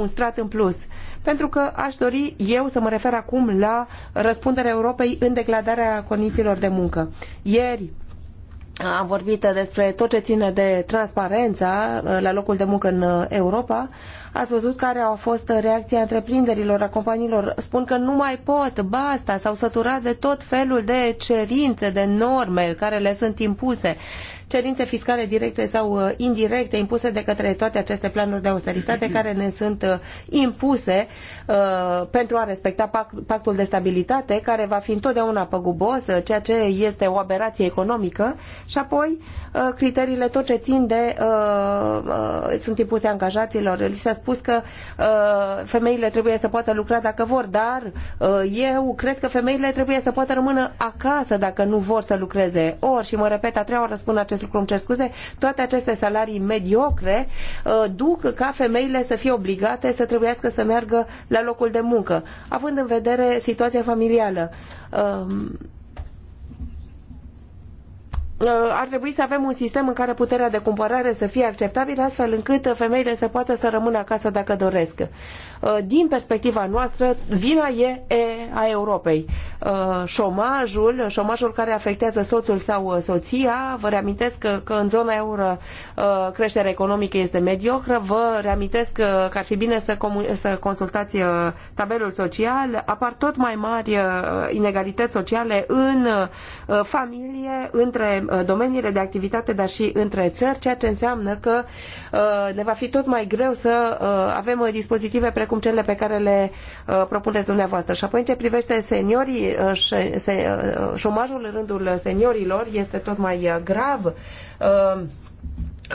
un strat în plus. Pentru că aș dori eu să mă refer acum la răspunderea Europei în declararea condițiilor de muncă. Ieri, am vorbit despre tot ce ține de transparența uh, la locul de muncă în uh, Europa. Ați văzut care a fost reacția întreprinderilor, a companiilor. Spun că nu mai pot, basta, s-au săturat de tot felul de cerințe, de norme care le sunt impuse. Cerințe fiscale directe sau uh, indirecte impuse de către toate aceste planuri de austeritate care ne sunt uh, impuse uh, pentru a respecta pactul de stabilitate, care va fi întotdeauna păgubos, uh, ceea ce este o aberație economică, și apoi uh, criteriile tot ce țin de uh, sunt impuse angajaților. Li se spune spus că uh, femeile trebuie să poată lucra dacă vor, dar uh, eu cred că femeile trebuie să poată rămână acasă dacă nu vor să lucreze. Ori, și mă repet, a treia oară spun acest lucru, îmi cer scuze, toate aceste salarii mediocre uh, duc ca femeile să fie obligate să trebuiască să meargă la locul de muncă, având în vedere situația familială. Uh, Uh, ar trebui să avem un sistem în care puterea de cumpărare să fie acceptabilă, astfel încât femeile să poată să rămână acasă dacă doresc. Uh, din perspectiva noastră, vina e a Europei. Uh, șomajul, șomajul care afectează soțul sau soția, vă reamintesc că, în zona euro creșterea economică este mediocră, vă reamintesc că ar fi bine să, să consultați tabelul social, apar tot mai mari inegalități sociale în familie, între Uh, domeniile de activitate, dar și între țări, ceea ce înseamnă că uh, ne va fi tot mai greu să uh, avem dispozitive precum cele pe care le propuneți dumneavoastră. Și apoi în ce privește seniorii, șomajul în rândul seniorilor este tot mai grav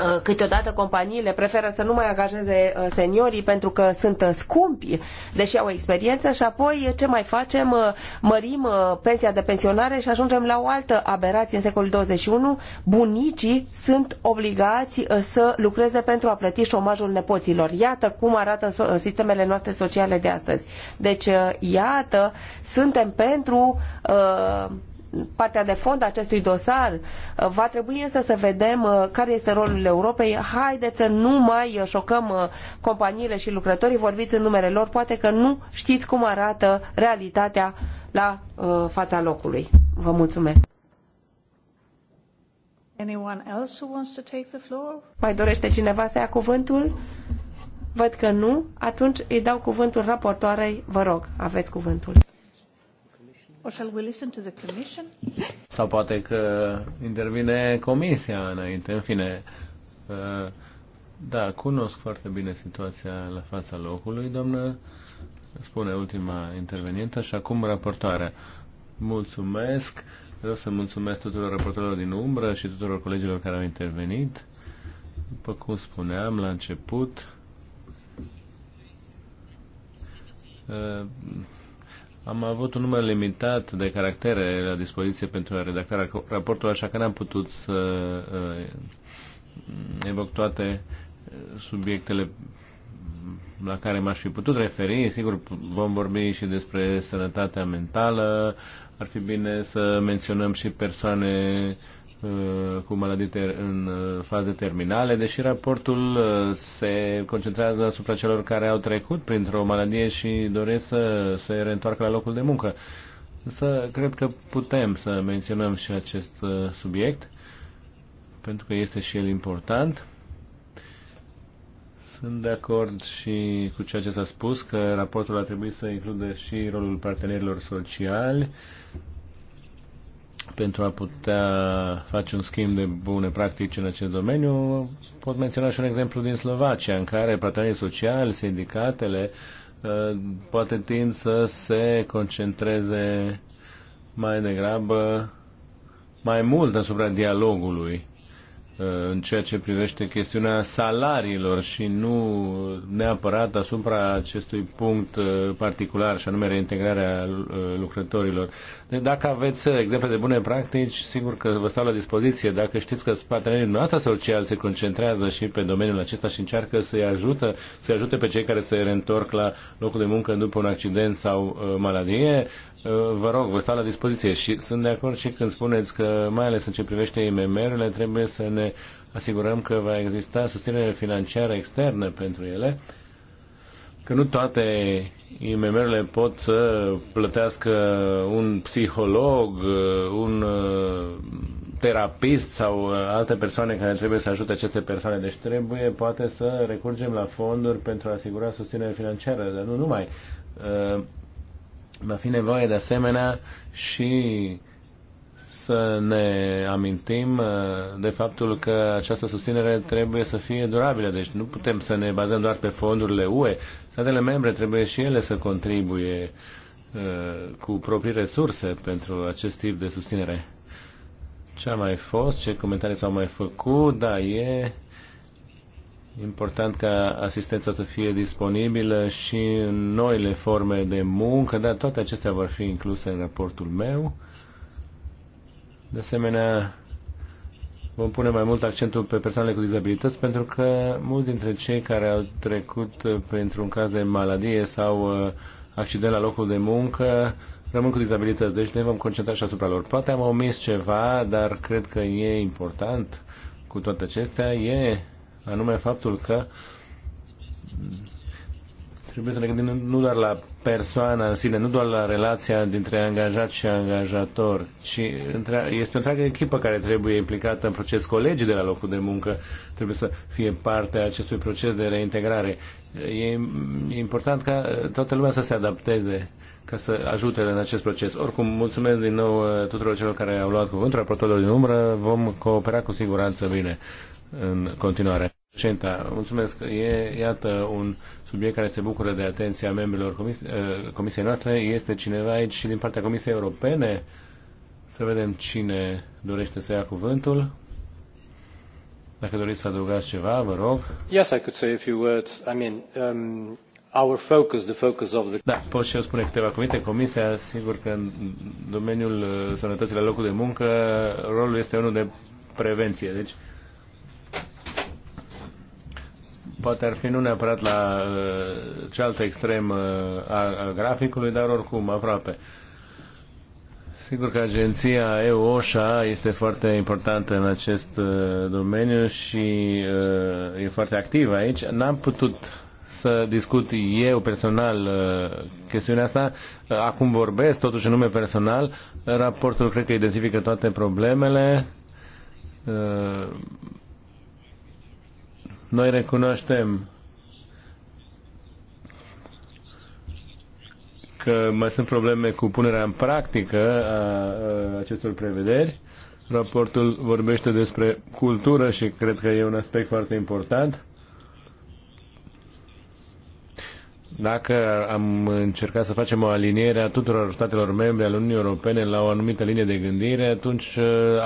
Uh, câteodată companiile preferă să nu mai angajeze uh, seniorii pentru că sunt uh, scumpi, deși au experiență și apoi ce mai facem? Mărim pensia de pensionare și ajungem la o altă aberație în secolul 21. Bunicii sunt obligați să lucreze pentru a plăti șomajul nepoților. Iată cum arată sistemele noastre sociale de astăzi. Deci, iată, suntem pentru uh, partea de fond a acestui dosar, uh, va trebui însă să vedem uh, care este rolul Europei. Haideți să nu mai șocăm uh, companiile și lucrătorii, vorbiți în numele lor, poate că nu știți cum arată realitatea la fața locului. Vă mulțumesc. Mai dorește cineva să ia cuvântul? Văd că nu, atunci îi dau cuvântul raportoarei. Vă rog, aveți cuvântul. Or shall we listen to the commission?
Sau poate că intervine comisia înainte. În fine, uh, da, cunosc foarte bine situația la fața locului, doamnă, spune ultima intervenientă și acum raportoarea. Mulțumesc, vreau să mulțumesc tuturor raportorilor din umbră și tuturor colegilor care au intervenit. După cum spuneam la început, uh, am avut un număr limitat de caractere la dispoziție pentru a redacta raportul, așa că n-am putut să uh, evoc toate uh, subiectele la care m-aș fi putut referi. Sigur, vom vorbi și despre sănătatea mentală. Ar fi bine să menționăm și persoane Uh, cu maladii ter- în uh, faze terminale, deși raportul uh, se concentrează asupra celor care au trecut printr-o maladie și doresc să se reîntoarcă la locul de muncă. Însă cred că putem să menționăm și acest subiect, pentru că este și el important. Sunt de acord și cu ceea ce s-a spus, că raportul ar trebui să includă și rolul partenerilor sociali, pentru a putea face un schimb de bune practici în acest domeniu. Pot menționa și un exemplu din Slovacia, în care partenerii sociali, sindicatele, uh, poate tind să se concentreze mai degrabă, mai mult asupra dialogului uh, în ceea ce privește chestiunea salariilor și nu neapărat asupra acestui punct uh, particular și anume reintegrarea lucrătorilor. Dacă aveți exemple de bune practici, sigur că vă stau la dispoziție. Dacă știți că partenerii noastre social se concentrează și pe domeniul acesta și încearcă să-i ajută, să ajute pe cei care se reîntorc la locul de muncă după un accident sau uh, maladie, uh, vă rog, vă stau la dispoziție și sunt de acord și când spuneți că, mai ales în ce privește IMM-urile, trebuie să ne asigurăm că va exista susținere financiară externă pentru ele că nu toate IMM-urile pot să plătească un psiholog, un uh, terapist sau uh, alte persoane care trebuie să ajute aceste persoane. Deci trebuie poate să recurgem la fonduri pentru a asigura susținere financiară, dar nu numai. Uh, va fi nevoie de asemenea și să ne amintim uh, de faptul că această susținere trebuie să fie durabilă, deci nu putem să ne bazăm doar pe fondurile UE. Statele membre trebuie și ele să contribuie uh, cu proprii resurse pentru acest tip de susținere. Ce a mai fost, ce comentarii s-au mai făcut, da, e important ca asistența să fie disponibilă și în noile forme de muncă, dar toate acestea vor fi incluse în raportul meu. De asemenea, vom pune mai mult accentul pe persoanele cu dizabilități pentru că mulți dintre cei care au trecut uh, printr-un caz de maladie sau uh, accident la locul de muncă rămân cu dizabilități, deci ne vom concentra și asupra lor. Poate am omis ceva, dar cred că e important cu toate acestea, e anume faptul că trebuie să ne gândim nu doar la persoana în sine, nu doar la relația dintre angajat și angajator, ci este o întreagă echipă care trebuie implicată în proces. Colegii de la locul de muncă trebuie să fie parte a acestui proces de reintegrare. E, important ca toată lumea să se adapteze, ca să ajute în acest proces. Oricum, mulțumesc din nou uh, tuturor celor care au luat cuvântul, raportorilor din umbră. Vom coopera cu siguranță bine în continuare. Președinta, mulțumesc. E, iată, un subiect care se bucură de atenția membrilor comis uh, comisiei noastre. Este cineva aici și din partea Comisiei Europene? Să vedem cine dorește să ia cuvântul. Dacă doriți să adăugați ceva, vă rog.
Yes, I could say a few words. I mean, um, our focus, the focus of the... Da,
pot și eu spune câteva cuvinte. Comisia, sigur că în domeniul uh, sănătății la locul de muncă, rolul este unul de prevenție. Deci, Poate ar fi nu neapărat la uh, cealaltă extremă uh, a, a graficului, dar oricum aproape. Sigur că agenția EUOSHA este foarte importantă în acest uh, domeniu și e foarte activă aici. N-am putut să discut eu personal chestiunea asta. Acum vorbesc, totuși în nume personal. Raportul cred că identifică toate problemele noi recunoaștem că mai sunt probleme cu punerea în practică a acestor prevederi. Raportul vorbește despre cultură și cred că e un aspect foarte important. Dacă am încercat să facem o aliniere a tuturor statelor membre ale Uniunii Europene la o anumită linie de gândire, atunci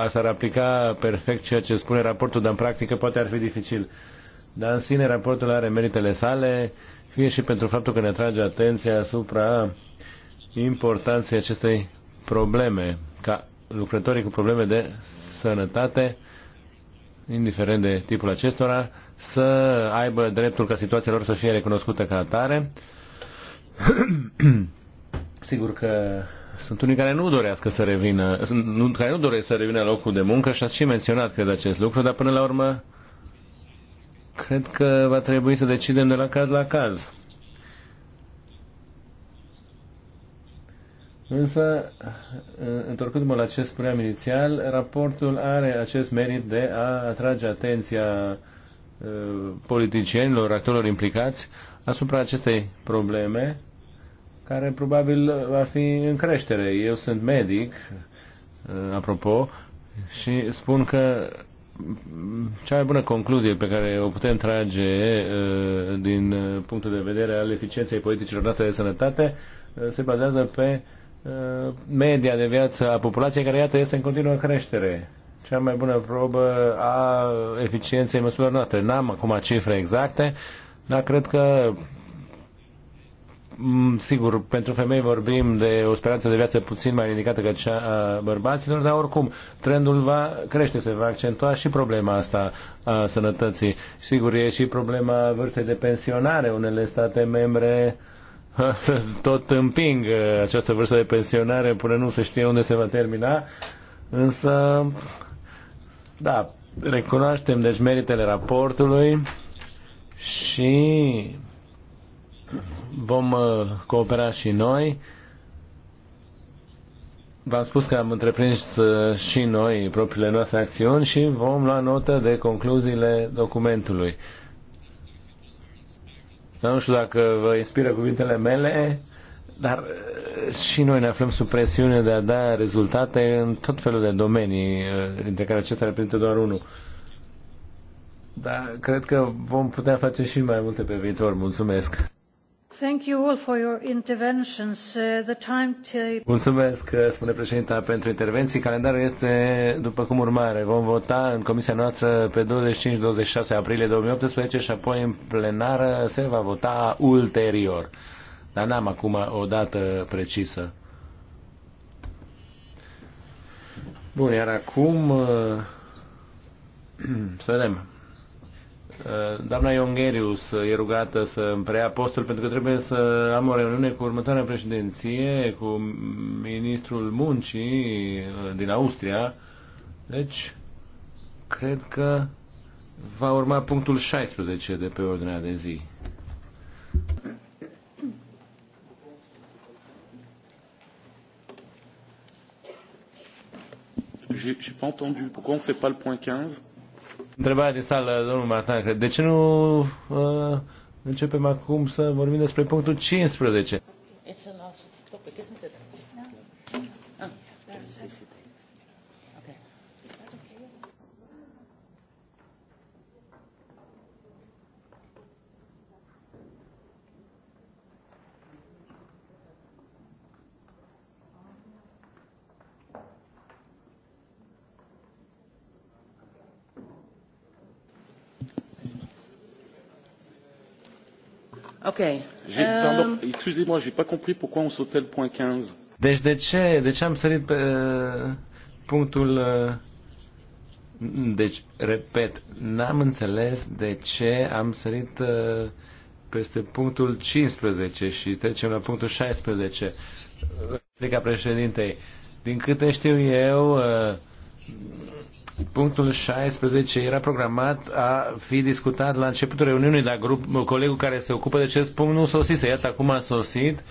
s-ar aplica perfect ceea ce spune raportul, dar în practică poate ar fi dificil. Dar în sine raportul are meritele sale, fie și pentru faptul că ne atrage atenția asupra importanței acestei probleme, ca lucrătorii cu probleme de sănătate, indiferent de tipul acestora, să aibă dreptul ca situația lor să fie recunoscută ca atare. Sigur că sunt unii care nu dorească să revină, care nu doresc să revină locul de muncă și ați și menționat, cred, acest lucru, dar până la urmă cred că va trebui să decidem de la caz la caz. Însă, întorcându-mă la ce spuneam inițial, raportul are acest merit de a atrage atenția uh, politicienilor, actorilor implicați asupra acestei probleme care probabil va fi în creștere. Eu sunt medic, uh, apropo, și spun că cea mai bună concluzie pe care o putem trage uh, din uh, punctul de vedere al eficienței politicilor noastre de sănătate uh, se bazează pe media de viață a populației care, iată, este în continuă creștere. Cea mai bună probă a eficienței măsurilor noastre. N-am acum cifre exacte, dar cred că Mm, sigur, pentru femei vorbim de o speranță de viață puțin mai ridicată ca cea a bărbaților, dar oricum trendul va crește, se va accentua și problema asta a sănătății. Sigur, e și problema vârstei de pensionare. Unele state membre tot împing uh, această vârstă de pensionare până nu se știe unde se va termina, însă, da, recunoaștem deci meritele raportului și Vom uh, coopera și noi. V-am spus că am întreprins uh, și noi propriile noastre acțiuni și vom lua notă de concluziile documentului. Dar nu știu dacă vă inspiră cuvintele mele, dar uh, și noi ne aflăm sub presiune de a da rezultate în tot felul de domenii, dintre care acesta reprezintă doar unul. Dar cred că vom putea face și mai multe pe viitor. Mulțumesc!
Thank you all for your interventions. Uh, the time to...
Mulțumesc, uh, spune președinta, pentru intervenții. Calendarul este după cum urmare. Vom vota în comisia noastră pe 25-26 aprilie 2018 și apoi în plenară se va vota ulterior. Dar n-am acum o dată precisă. Bun, iar acum uh, să vedem. Uh, doamna Iongherius e rugată să îmi preia postul pentru că trebuie să am o reuniune cu următoarea președinție, cu ministrul muncii uh, din Austria. Deci, cred că va urma punctul 16 de pe ordinea de zi. J'ai pas entendu. Pourquoi on ne fait pas le point 15 Întrebarea din sală, domnul Martan, de ce nu uh, începem acum să vorbim despre punctul 15? Okay. Euh, excusez-moi, j'ai pas compris pourquoi on sautait le point 15. Deci de ce, de ce am sărit pe uh, punctul... Uh, deci, repet, n-am înțeles de ce am sărit uh, peste punctul 15 și trecem la punctul 16. Replica președintei. Din câte știu eu, Punctul 16 era programat a fi discutat la începutul reuniunii, dar grup, colegul care se ocupă de acest punct nu sosise. Iată, acum a sosit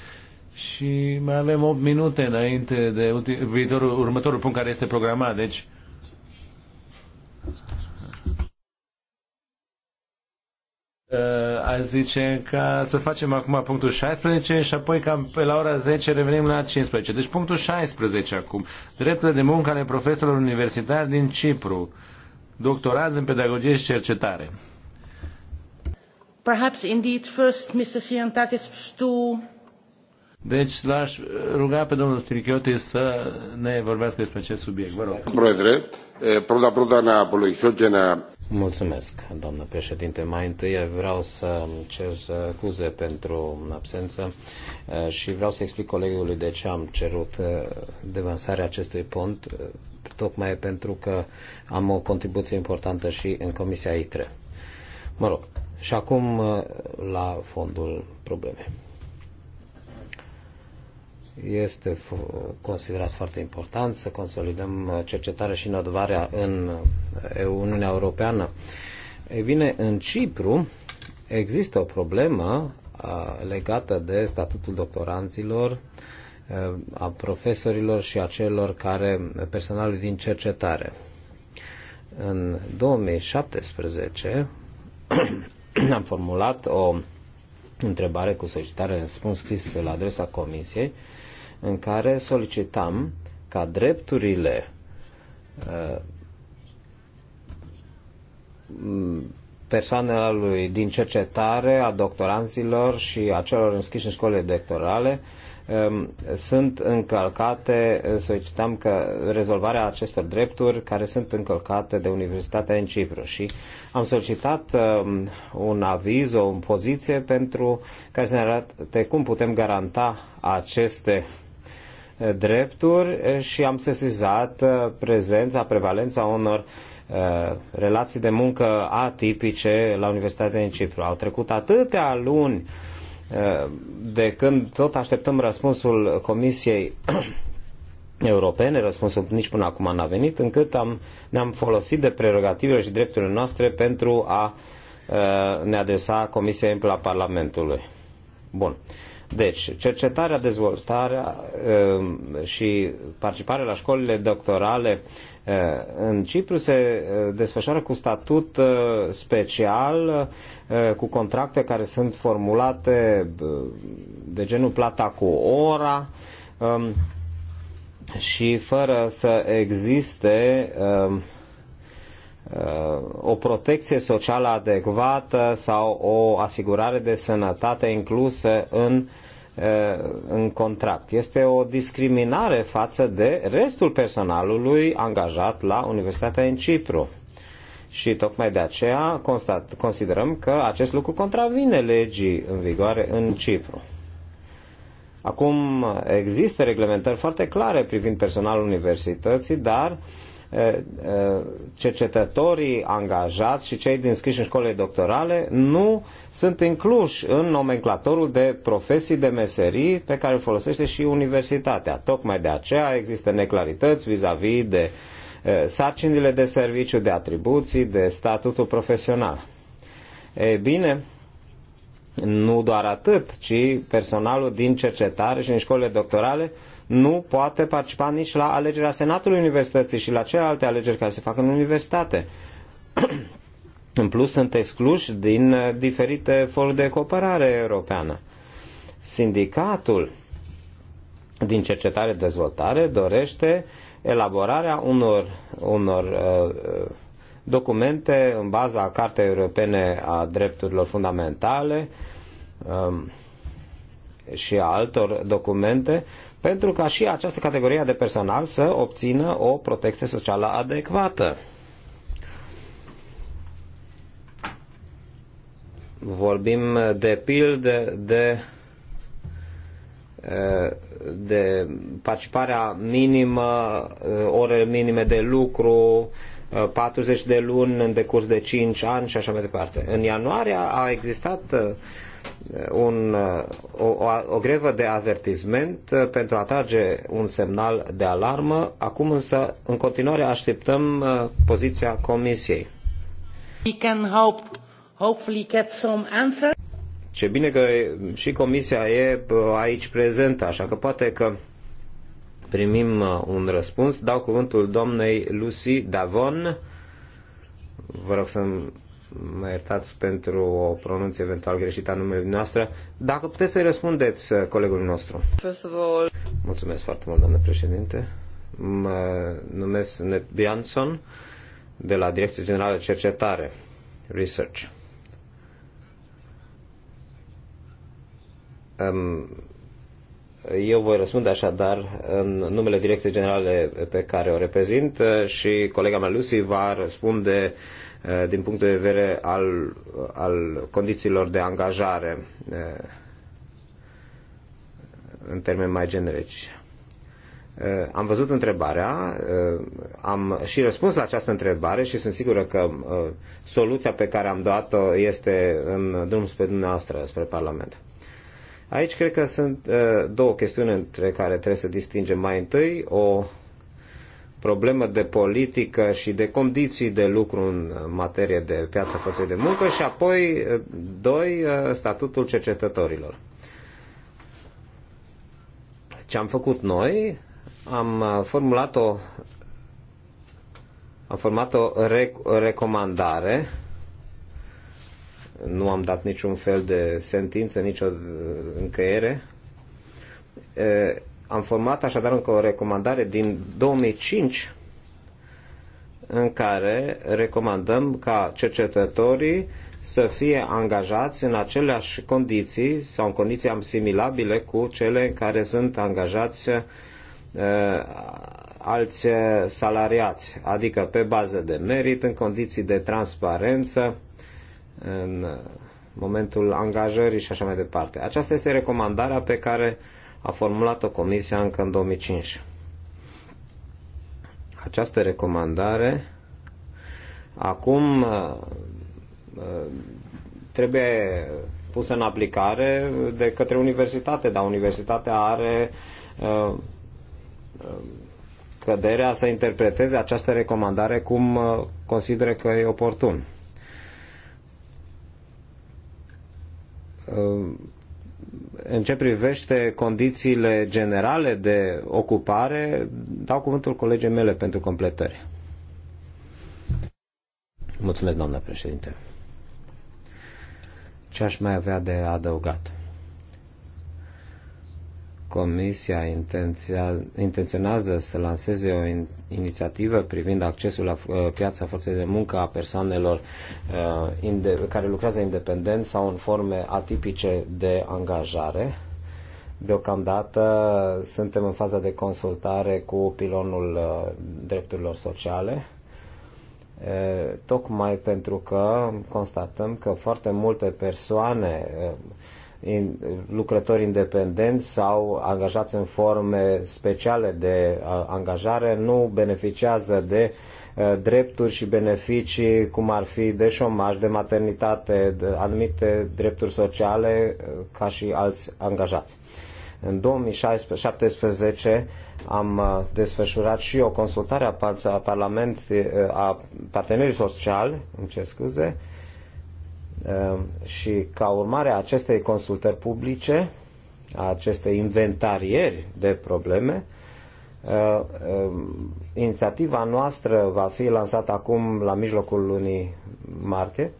și mai avem 8 minute înainte de viitorul, următorul punct care este programat. Deci, Uh, aș zice că să facem acum punctul 16 și apoi cam pe la ora 10 revenim la 15. Deci punctul 16 acum. Drepturile de muncă ale profesorilor universitari din Cipru. Doctorat în pedagogie și cercetare.
Perhaps indeed first Mr. Siantakis to
deci l-aș uh, ruga pe domnul Stirichiotis să ne vorbească despre acest subiect. Vă rog.
Proedre, πρώτα πρώτα να απολογηθώ και να Mulțumesc, doamnă președinte. Mai întâi vreau să cer scuze pentru absență uh, și vreau să explic colegului de ce am cerut uh, devansarea acestui pont, uh, tocmai pentru că am o contribuție importantă și în Comisia ITRE. Mă rog, și acum la fondul problemei. Este considerat foarte important să consolidăm cercetarea și inovarea în Uniunea Europeană. Ei bine, în Cipru există o problemă legată de statutul doctoranților, a profesorilor și a celor care, personalul din cercetare. În 2017 am formulat o întrebare cu solicitare răspuns scris la adresa Comisiei în care solicitam ca drepturile uh, persoanelor din cercetare, a doctoranților și a celor înscriși în școlile doctorale um, sunt încălcate, solicităm că rezolvarea acestor drepturi care sunt încălcate de Universitatea în Cipru și am solicitat um, un aviz, o poziție pentru care să ne arate cum putem garanta aceste drepturi și am sesizat uh, prezența, prevalența unor uh, relații de muncă atipice la Universitatea din Cipru. Au trecut atâtea luni uh, de când tot așteptăm răspunsul Comisiei europene, răspunsul nici până acum n-a venit, încât am, ne-am folosit de prerogativele și drepturile noastre pentru a ne adresa Comisiei la Parlamentului. Bun. Deci, cercetarea, dezvoltarea um, și participarea la școlile doctorale uh, în Cipru se uh, desfășoară cu statut uh, special, cu contracte care sunt formulate de genul plata cu ora um, și fără să existe um, o protecție socială adecvată sau o asigurare de sănătate inclusă în, uh, în contract. Este o discriminare față de restul personalului angajat la Universitatea în Cipru. Și tocmai de aceea constat, considerăm că acest lucru contravine legii în vigoare în Cipru. Acum există reglementări foarte clare privind personalul universității, dar uh, cercetătorii angajați și cei din scriși în școlile doctorale nu sunt incluși în nomenclatorul de profesii de meserii pe care îl folosește și universitatea. Tocmai de aceea există neclarități vis-a-vis -vis de sarcinile de serviciu, de atribuții, de statutul profesional. E bine, nu doar atât, ci personalul din cercetare și din școlile doctorale uh, nu poate participa nici la alegerea Senatului Universității și la celelalte alegeri care se fac în universitate. în plus, sunt excluși din uh, diferite foruri de cooperare europeană. Sindicatul din cercetare-dezvoltare dorește elaborarea unor, unor uh, uh, documente în baza Cartei Europene a Drepturilor Fundamentale uh, și a altor documente pentru ca și această categorie de personal să obțină o protecție socială adecvată. Vorbim de pildă de, de participarea minimă, ore minime de lucru, 40 de luni în decurs de 5 ani și așa mai departe. În ianuarie a existat un, o, o grevă de avertisment uh, pentru a trage un semnal de alarmă. Acum însă, în continuare, așteptăm uh, poziția Comisiei.
We can hope, hopefully get some answer.
Ce bine că și Comisia e uh, aici prezentă, așa că poate că primim un răspuns. Dau cuvântul doamnei Lucy Davon. Vă rog să-mi mă iertați pentru o pronunție eventual greșită a numelui noastră. Dacă puteți să-i răspundeți uh, colegul nostru. First of All... Mulțumesc foarte mult, doamnă președinte. Mă numesc Ned Bianson de la Direcția Generală Cercetare, Research. Eu voi răspunde așadar în numele Direcției Generale pe care o reprezint uh, și colega mea Lucy va răspunde uh, Uh, din punct de vedere al, uh, al condițiilor de angajare uh, în termeni mai generici. Am văzut întrebarea, am și răspuns la această întrebare și sunt sigură că soluția pe care am dat-o este în drum spre dumneavoastră, spre Parlament. Aici cred că sunt două chestiuni între care trebuie să distingem. Mai întâi, o problemă de politică și de condiții de lucru în materie de piață forței de muncă și apoi, eh, doi, eh, statutul cercetătorilor. Ce am făcut noi? Am eh, formulat o, am format o rec- recomandare nu am dat niciun fel de sentință, nicio încăiere. Am format așadar încă o recomandare din 2005 în care recomandăm ca cercetătorii să fie angajați în aceleași condiții sau în condiții similabile cu cele în care sunt angajați uh, alți salariați, adică pe bază de merit, în condiții de transparență, în momentul angajării și așa mai departe. Aceasta este recomandarea pe care uh, a formulat-o Comisia încă în 2005. Această recomandare acum uh, uh, trebuie pusă în aplicare de către universitate, dar universitatea are uh, căderea să interpreteze această recomandare cum consideră că e oportun în ce privește condițiile generale de ocupare, dau cuvântul colegii mele pentru completări. Mulțumesc, doamna președinte. Ce aș mai avea de adăugat? Comisia intenționează să lanseze o inițiativă privind accesul la uh, piața forței de muncă a persoanelor uh, care lucrează independent sau în forme atipice de angajare. Deocamdată suntem în faza de consultare cu pilonul uh, drepturilor sociale tocmai pentru că constatăm că foarte multe persoane lucrători independenți sau angajați în forme speciale de angajare nu beneficiază de drepturi și beneficii cum ar fi de șomaj, de maternitate, de anumite drepturi sociale ca și alți angajați. În 2017 am desfășurat și o consultare a, parlamentului a partenerii sociali, îmi cer scuze, Ehm, și ca urmare a acestei consultări publice, a acestei inventarieri de probleme, ehm, ehm, inițiativa noastră va fi lansată acum la mijlocul lunii martie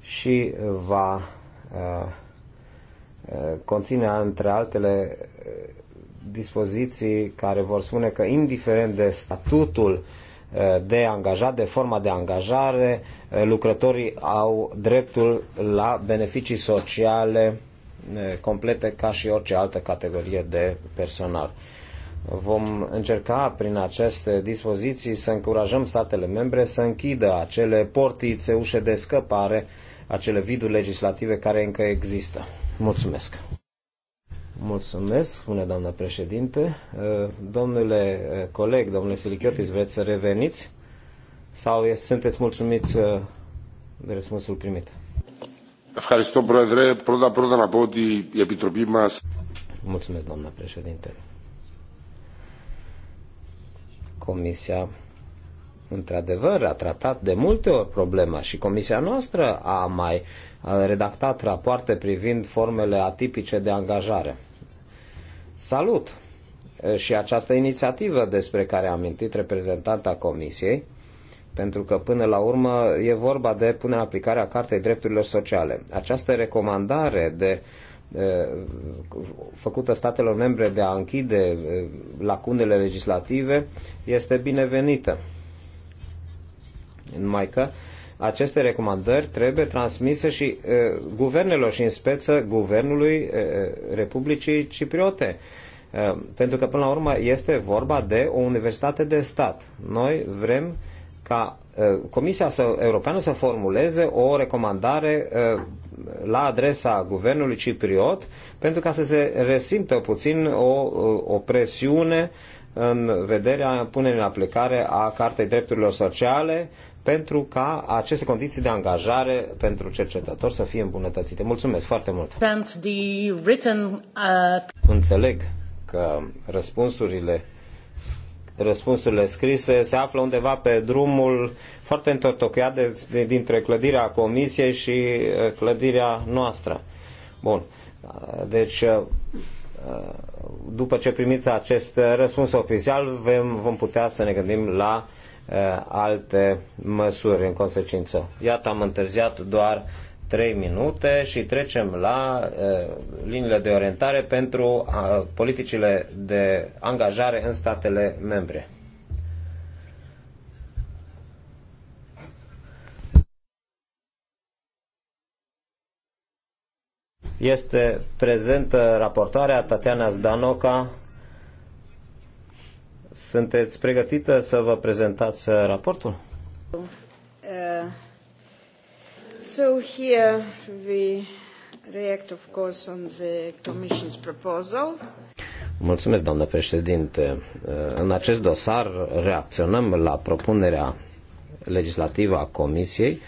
și va conține, între altele, dispoziții care vor spune că, indiferent de statutul uh, de angajat, de forma de angajare, eh, lucrătorii au dreptul la beneficii sociale eh, complete ca și orice altă categorie de personal. Vom încerca prin aceste dispoziții să încurajăm statele membre să închidă acele portițe, ușe de scăpare, acele viduri legislative care încă există. Mulțumesc! Mulțumesc, spune doamna președinte. Uh, domnule uh, coleg, domnule Silichiotis, vreți să reveniți? Sau sunteți mulțumiți uh, de răspunsul primit? Ευχαριστώ, Πρόεδρε. Πρώτα-πρώτα να πω ότι η Επιτροπή μας... Mulțumesc, doamna președinte. Comisia, într-adevăr, a tratat de multe ori problema și comisia noastră a mai redactat rapoarte privind formele atipice de angajare. Salut și această inițiativă despre care a amintit reprezentanta Comisiei, pentru că până la urmă e vorba de punerea aplicare a Cartei Drepturilor Sociale. Această recomandare de făcută statelor membre de a închide lacunele legislative este binevenită. Numai că aceste recomandări trebuie transmise și uh, guvernelor și în speță guvernului uh, Republicii Cipriote. Uh, pentru că, până la urmă, este vorba de o universitate de stat. Noi vrem ca Comisia Europeană să formuleze o recomandare la adresa guvernului cipriot pentru ca să se resimtă puțin o, o presiune în vederea punerii în aplicare a Cartei Drepturilor Sociale, pentru ca aceste condiții de angajare pentru cercetători să fie îmbunătățite. Mulțumesc foarte mult! Written, uh... Înțeleg că răspunsurile răspunsurile scrise se află undeva pe drumul foarte întortocheat de, de, dintre clădirea comisiei și uh, clădirea noastră. Bun. Uh, deci, uh, după ce primiți acest răspuns oficial, vom, vom putea să ne gândim la Uh, alte măsuri în consecință. Iată, am întârziat doar 3 minute și trecem la uh, liniile de orientare pentru uh, politicile de angajare în statele membre. Este prezentă raportarea Tatiana Zdanoca, sunteți pregătită să vă prezentați uh, raportul? Uh, so here we react of course on the commission's proposal. Mulțumesc, doamnă președinte. Uh, în acest dosar reacționăm la propunerea legislativă a Comisiei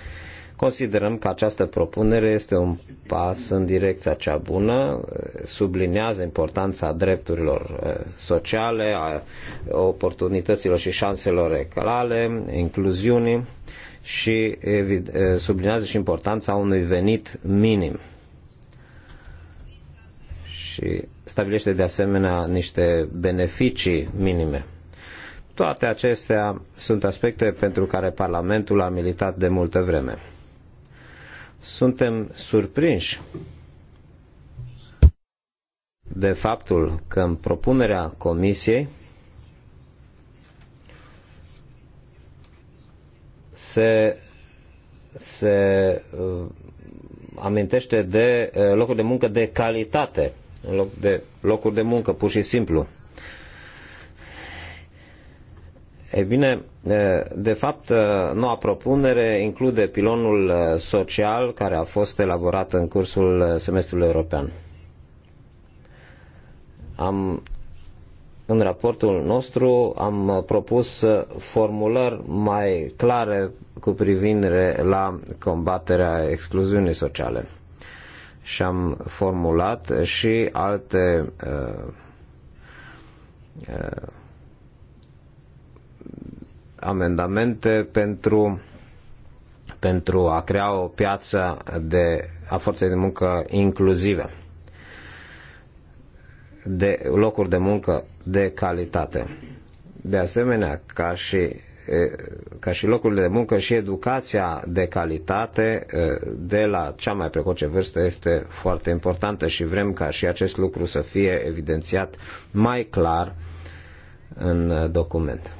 Considerăm că această propunere este un pas în direcția cea bună, sublinează importanța drepturilor eh, sociale, a oportunităților și șanselor ecalale, incluziunii și eh, sublinează și importanța unui venit minim. Și stabilește de asemenea niște beneficii minime. Toate acestea sunt aspecte pentru care Parlamentul a militat de multă vreme suntem surprinși de faptul că în propunerea Comisiei se, se uh, amintește de uh, locuri de muncă de calitate, în loc de locuri de muncă pur și simplu. E bine, de fapt, noua propunere include pilonul social care a fost elaborat în cursul semestrului european. Am, în raportul nostru am propus formulări mai clare cu privire la combaterea excluziunii sociale și am formulat și alte uh, uh, amendamente pentru, pentru a crea o piață de, a forței de muncă inclusive, de locuri de muncă de calitate. De asemenea, ca și ca și locurile de muncă și educația de calitate de la cea mai precoce vârstă este foarte importantă și vrem ca și acest lucru să fie evidențiat mai clar în document.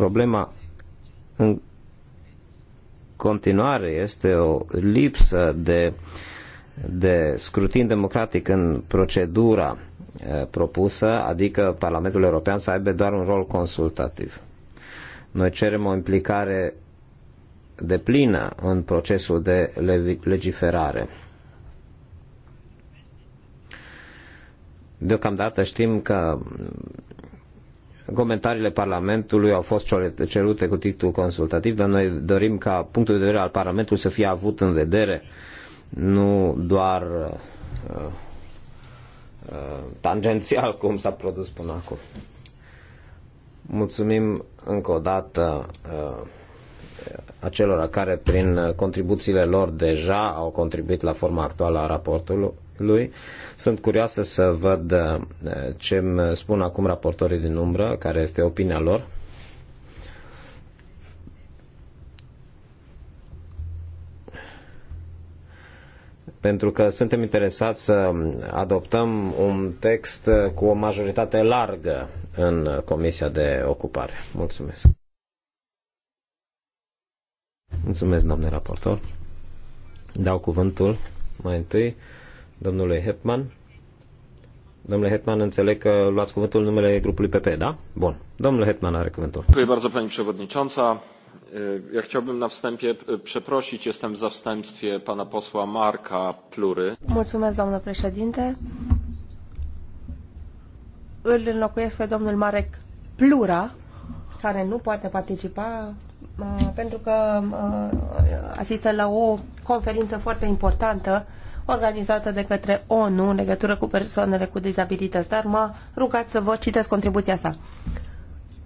Problema în continuare este o lipsă de, de scrutin democratic în procedura eh, propusă, adică Parlamentul European să aibă doar un rol consultativ. Noi cerem o implicare de plină în procesul de legiferare. Deocamdată știm că Comentariile Parlamentului au fost cerute cu titlul consultativ, dar noi dorim ca punctul de vedere al Parlamentului să fie avut în vedere, nu doar uh, uh, tangențial, cum s-a produs până acum. Mulțumim încă o dată uh, acelora care prin contribuțiile lor deja au contribuit la forma actuală a raportului lui. Sunt curioasă să văd uh, ce îmi spun acum raportorii din umbră, care este opinia lor. pentru că suntem interesați să adoptăm un text cu o majoritate largă în Comisia de Ocupare. Mulțumesc. Mulțumesc, domnule raportor. Dau cuvântul mai întâi domnului Hepman. Domnule Hetman, înțeleg că luați cuvântul numele grupului PP, da? Bun. Domnul Hetman are cuvântul. Dziękuję bardzo pani przewodnicząca. Ja chciałbym na wstępie przeprosić, jestem za wstępstwie pana posła Marka Plury.
Mulțumesc, domnule președinte. Îl înlocuiesc pe domnul Marek Plura, care nu poate participa pentru că asistă la o conferință foarte importantă organizată de către ONU în legătură cu persoanele cu dizabilități, dar m-a rugat să vă citesc contribuția sa.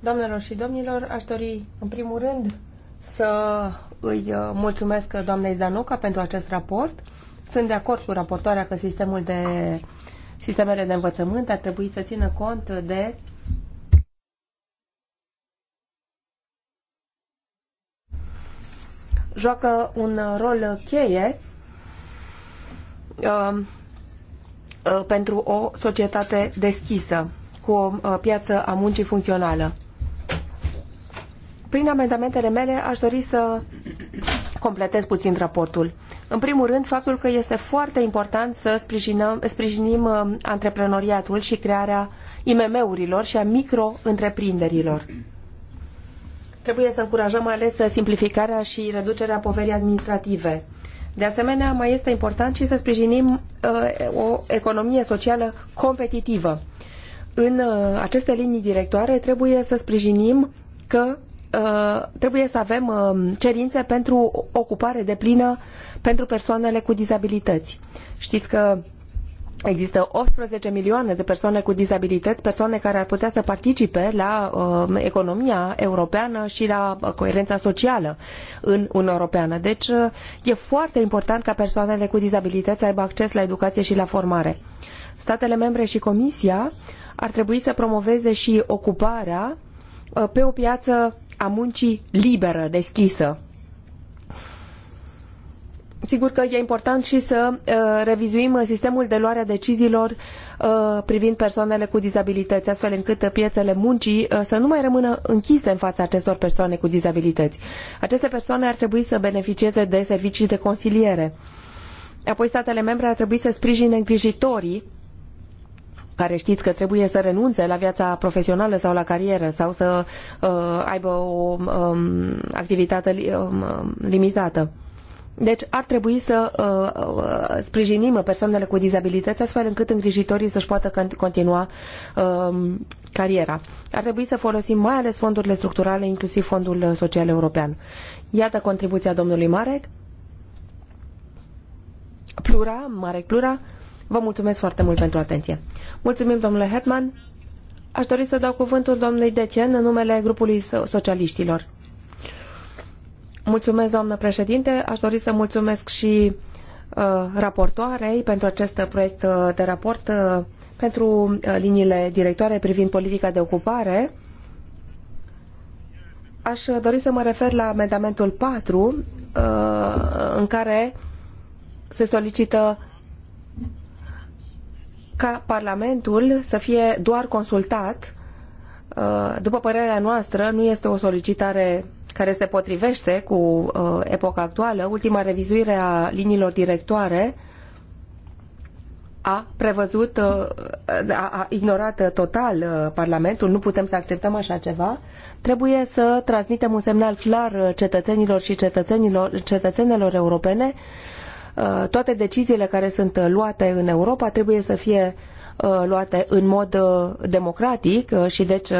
Doamnelor și domnilor, aș dori în primul rând să îi uh, mulțumesc doamnei Zdanuca pentru acest raport. Sunt de acord cu raportoarea că sistemul de sistemele de învățământ ar trebui să țină cont de joacă un rol cheie Um, uh, pentru o societate deschisă, cu o uh, piață a muncii funcțională. Prin amendamentele mele aș dori să completez puțin raportul. În primul rând, faptul că este foarte important să sprijinăm, sprijinim uh, antreprenoriatul și crearea IMM-urilor și a micro-întreprinderilor. Trebuie să încurajăm mai ales simplificarea și reducerea poverii administrative de asemenea, mai este important și să sprijinim uh, o economie socială competitivă. În uh, aceste linii directoare trebuie să sprijinim că uh, trebuie să avem cerințe pentru ocupare deplină pentru persoanele cu dizabilități. Știți că Există 18 milioane de persoane cu dizabilități, persoane care ar putea să participe la uh, economia europeană și la uh, coerența socială în Uniunea Europeană. Deci uh, e foarte important ca persoanele cu dizabilități să aibă acces la educație și la formare. Statele membre și Comisia ar trebui să promoveze și ocuparea uh, pe o piață a muncii liberă, deschisă sigur că e important și să uh, revizuim sistemul de luare a deciziilor uh, privind persoanele cu dizabilități, astfel încât piețele muncii uh, să nu mai rămână închise în fața acestor persoane cu dizabilități. Aceste persoane ar trebui să beneficieze de servicii de consiliere. Apoi statele membre ar trebui să sprijine îngrijitorii care știți că trebuie să renunțe la viața profesională sau la carieră sau să uh, aibă o um, activitate um, limitată. Deci ar trebui să uh, uh, sprijinim persoanele cu dizabilități astfel încât îngrijitorii să-și poată continua uh, cariera. Ar trebui să folosim mai ales fondurile structurale, inclusiv Fondul Social European. Iată contribuția domnului Marek. Plura, Marek Plura, vă mulțumesc foarte mult pentru atenție. Mulțumim, domnule Hetman. Aș dori să dau cuvântul domnului Decen în numele grupului socialiștilor. Mulțumesc, doamnă președinte. Aș dori să mulțumesc și uh, raportoarei pentru acest proiect uh, de raport uh, pentru liniile directoare privind politica de ocupare. Aș dori să mă refer la amendamentul patru, în care se solicită ca Parlamentul să fie doar consultat. După părerea noastră, nu este o solicitare care se potrivește cu uh, epoca actuală, ultima revizuire a liniilor directoare a prevăzut, uh, a ignorat total uh, Parlamentul, nu putem să acceptăm așa ceva, trebuie să transmitem un semnal clar cetățenilor și cetățenilor, cetățenilor europene. Toate deciziile care sunt luate în Europa trebuie să fie luate în mod democratic și deci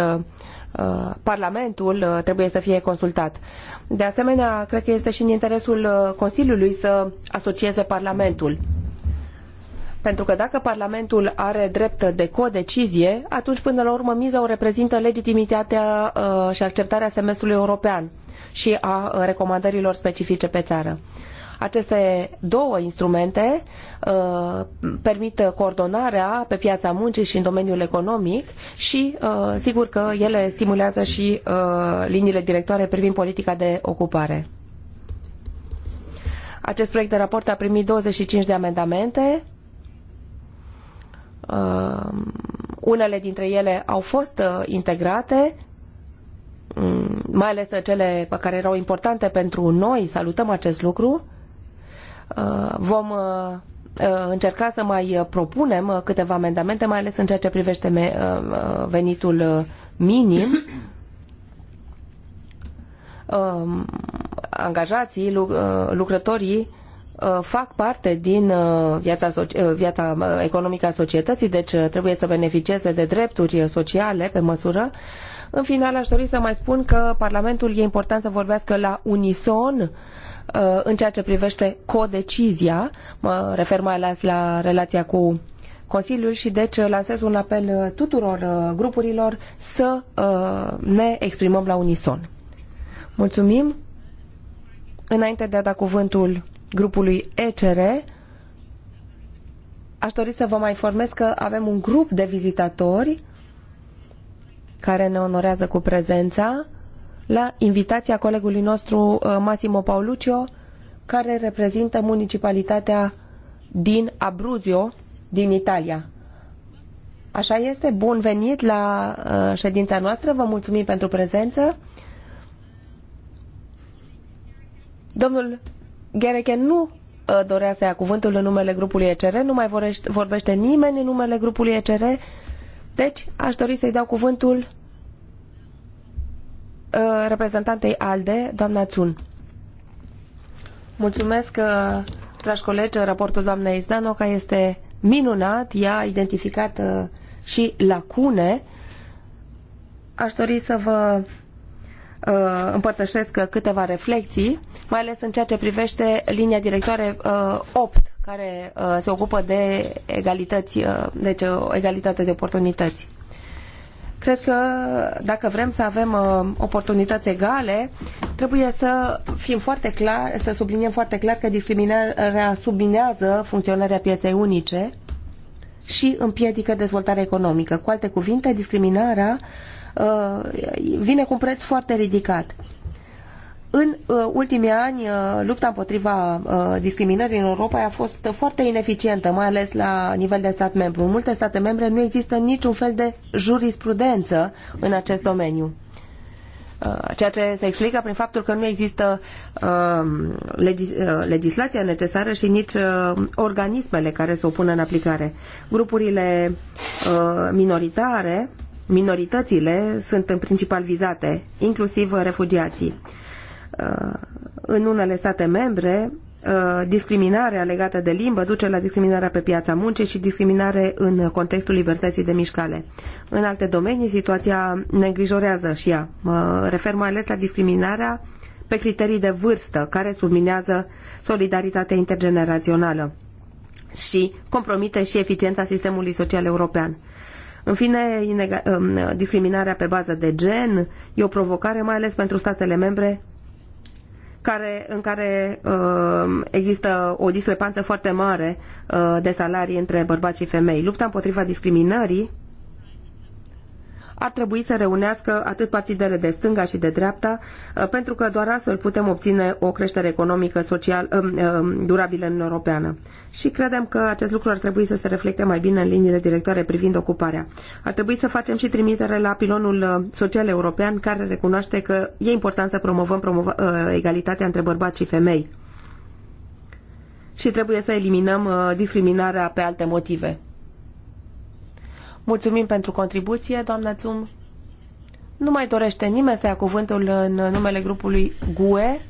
Uh, Parlamentul uh, trebuie să fie consultat. De asemenea, cred că este și în interesul uh, Consiliului să asocieze Parlamentul. Pentru că dacă Parlamentul are drept de codecizie, atunci până la urmă miza o reprezintă legitimitatea și acceptarea semestrului european și a recomandărilor specifice pe țară. Aceste două instrumente uh, permit coordonarea pe piața muncii și în domeniul economic și uh, sigur că ele stimulează și uh, liniile directoare privind politica de ocupare. Acest proiect de raport a primit 25 de amendamente. unele dintre ele au fost integrate mm, mai ales cele care erau importante pentru noi, salutăm acest lucru. Uh, vom uh, uh, încerca să mai propunem câteva amendamente, mai ales în ceea ce privește venitul minim um, angajații, lucrătorii fac parte din viața, viața economică a societății, deci trebuie să beneficieze de drepturi sociale pe măsură. În final, aș dori să mai spun că Parlamentul e important să vorbească la unison uh, Uh, în ceea ce privește codecizia, mă refer mai ales la relația cu Consiliul și deci lansez un apel uh, tuturor uh, grupurilor să ne exprimăm la unison. Mulțumim! Înainte de a da cuvântul grupului ECR, aș dori să vă mai informez că avem un grup de vizitatori care ne onorează cu prezența la invitația colegului nostru uh, Massimo Pauluccio, care reprezintă municipalitatea din Abruzio, din Italia. Așa este, bun venit la uh, ședința noastră, vă mulțumim pentru prezență. Domnul Gereche nu uh, dorea să ia cuvântul în numele grupului ECR, nu mai vorbește nimeni în numele grupului ECR, deci aș dori să-i dau cuvântul Uh, reprezentantei ALDE, doamna Țun. Mulțumesc, uh, dragi colegi, raportul doamnei Zdanoca este minunat, ea a identificat uh, și lacune. Aș dori să vă împărtășesc câteva reflexii, mai ales în ceea ce privește linia directoare opt, care se ocupă de egalități, deci egalitate de oportunități. Cred că dacă vrem să avem uh, oportunități egale, trebuie să fim foarte clar, să subliniem foarte clar că discriminarea subminează funcționarea pieței unice și împiedică dezvoltarea economică. Cu alte cuvinte, discriminarea uh, vine cu un preț foarte ridicat în uh, ultimii ani uh, lupta împotriva uh, discriminării în Europa a fost foarte ineficientă, mai ales la nivel de stat membru. În multe state membre nu există niciun fel de jurisprudență în acest domeniu ceea ce se explică prin faptul că nu există um, uh, legis legislația necesară și nici uh, organismele care să o pună în aplicare. Grupurile minoritare, minoritățile sunt în principal vizate, inclusiv refugiații în unele state membre uh, discriminarea legată de limbă duce la discriminarea pe piața muncii și discriminare în contextul libertății de mișcare. În alte domenii, situația ne îngrijorează și ea. Mă refer mai ales la discriminarea pe criterii de vârstă, care subminează solidaritatea intergenerațională și compromite și eficiența sistemului social european. În fine, um, discriminarea pe bază de gen e o provocare mai ales pentru statele membre care, în care uh, există o discrepanță foarte mare uh, de salarii între bărbați și femei. Lupta împotriva discriminării ar trebui să reunească atât partidele de stânga și de dreapta, uh, pentru că doar astfel putem obține o creștere economică social, um, um, durabilă în Europeană. Și credem că acest lucru ar trebui să se reflecte mai bine în liniile directoare privind ocuparea. Ar trebui să facem și trimitere la pilonul uh, social european care recunoaște că e important să promovăm promova, uh, egalitatea între bărbați și femei. Și trebuie să eliminăm discriminarea pe alte motive. Mulțumim pentru contribuție, doamna Țum. Nu mai dorește nimeni să ia cuvântul în numele grupului GUE.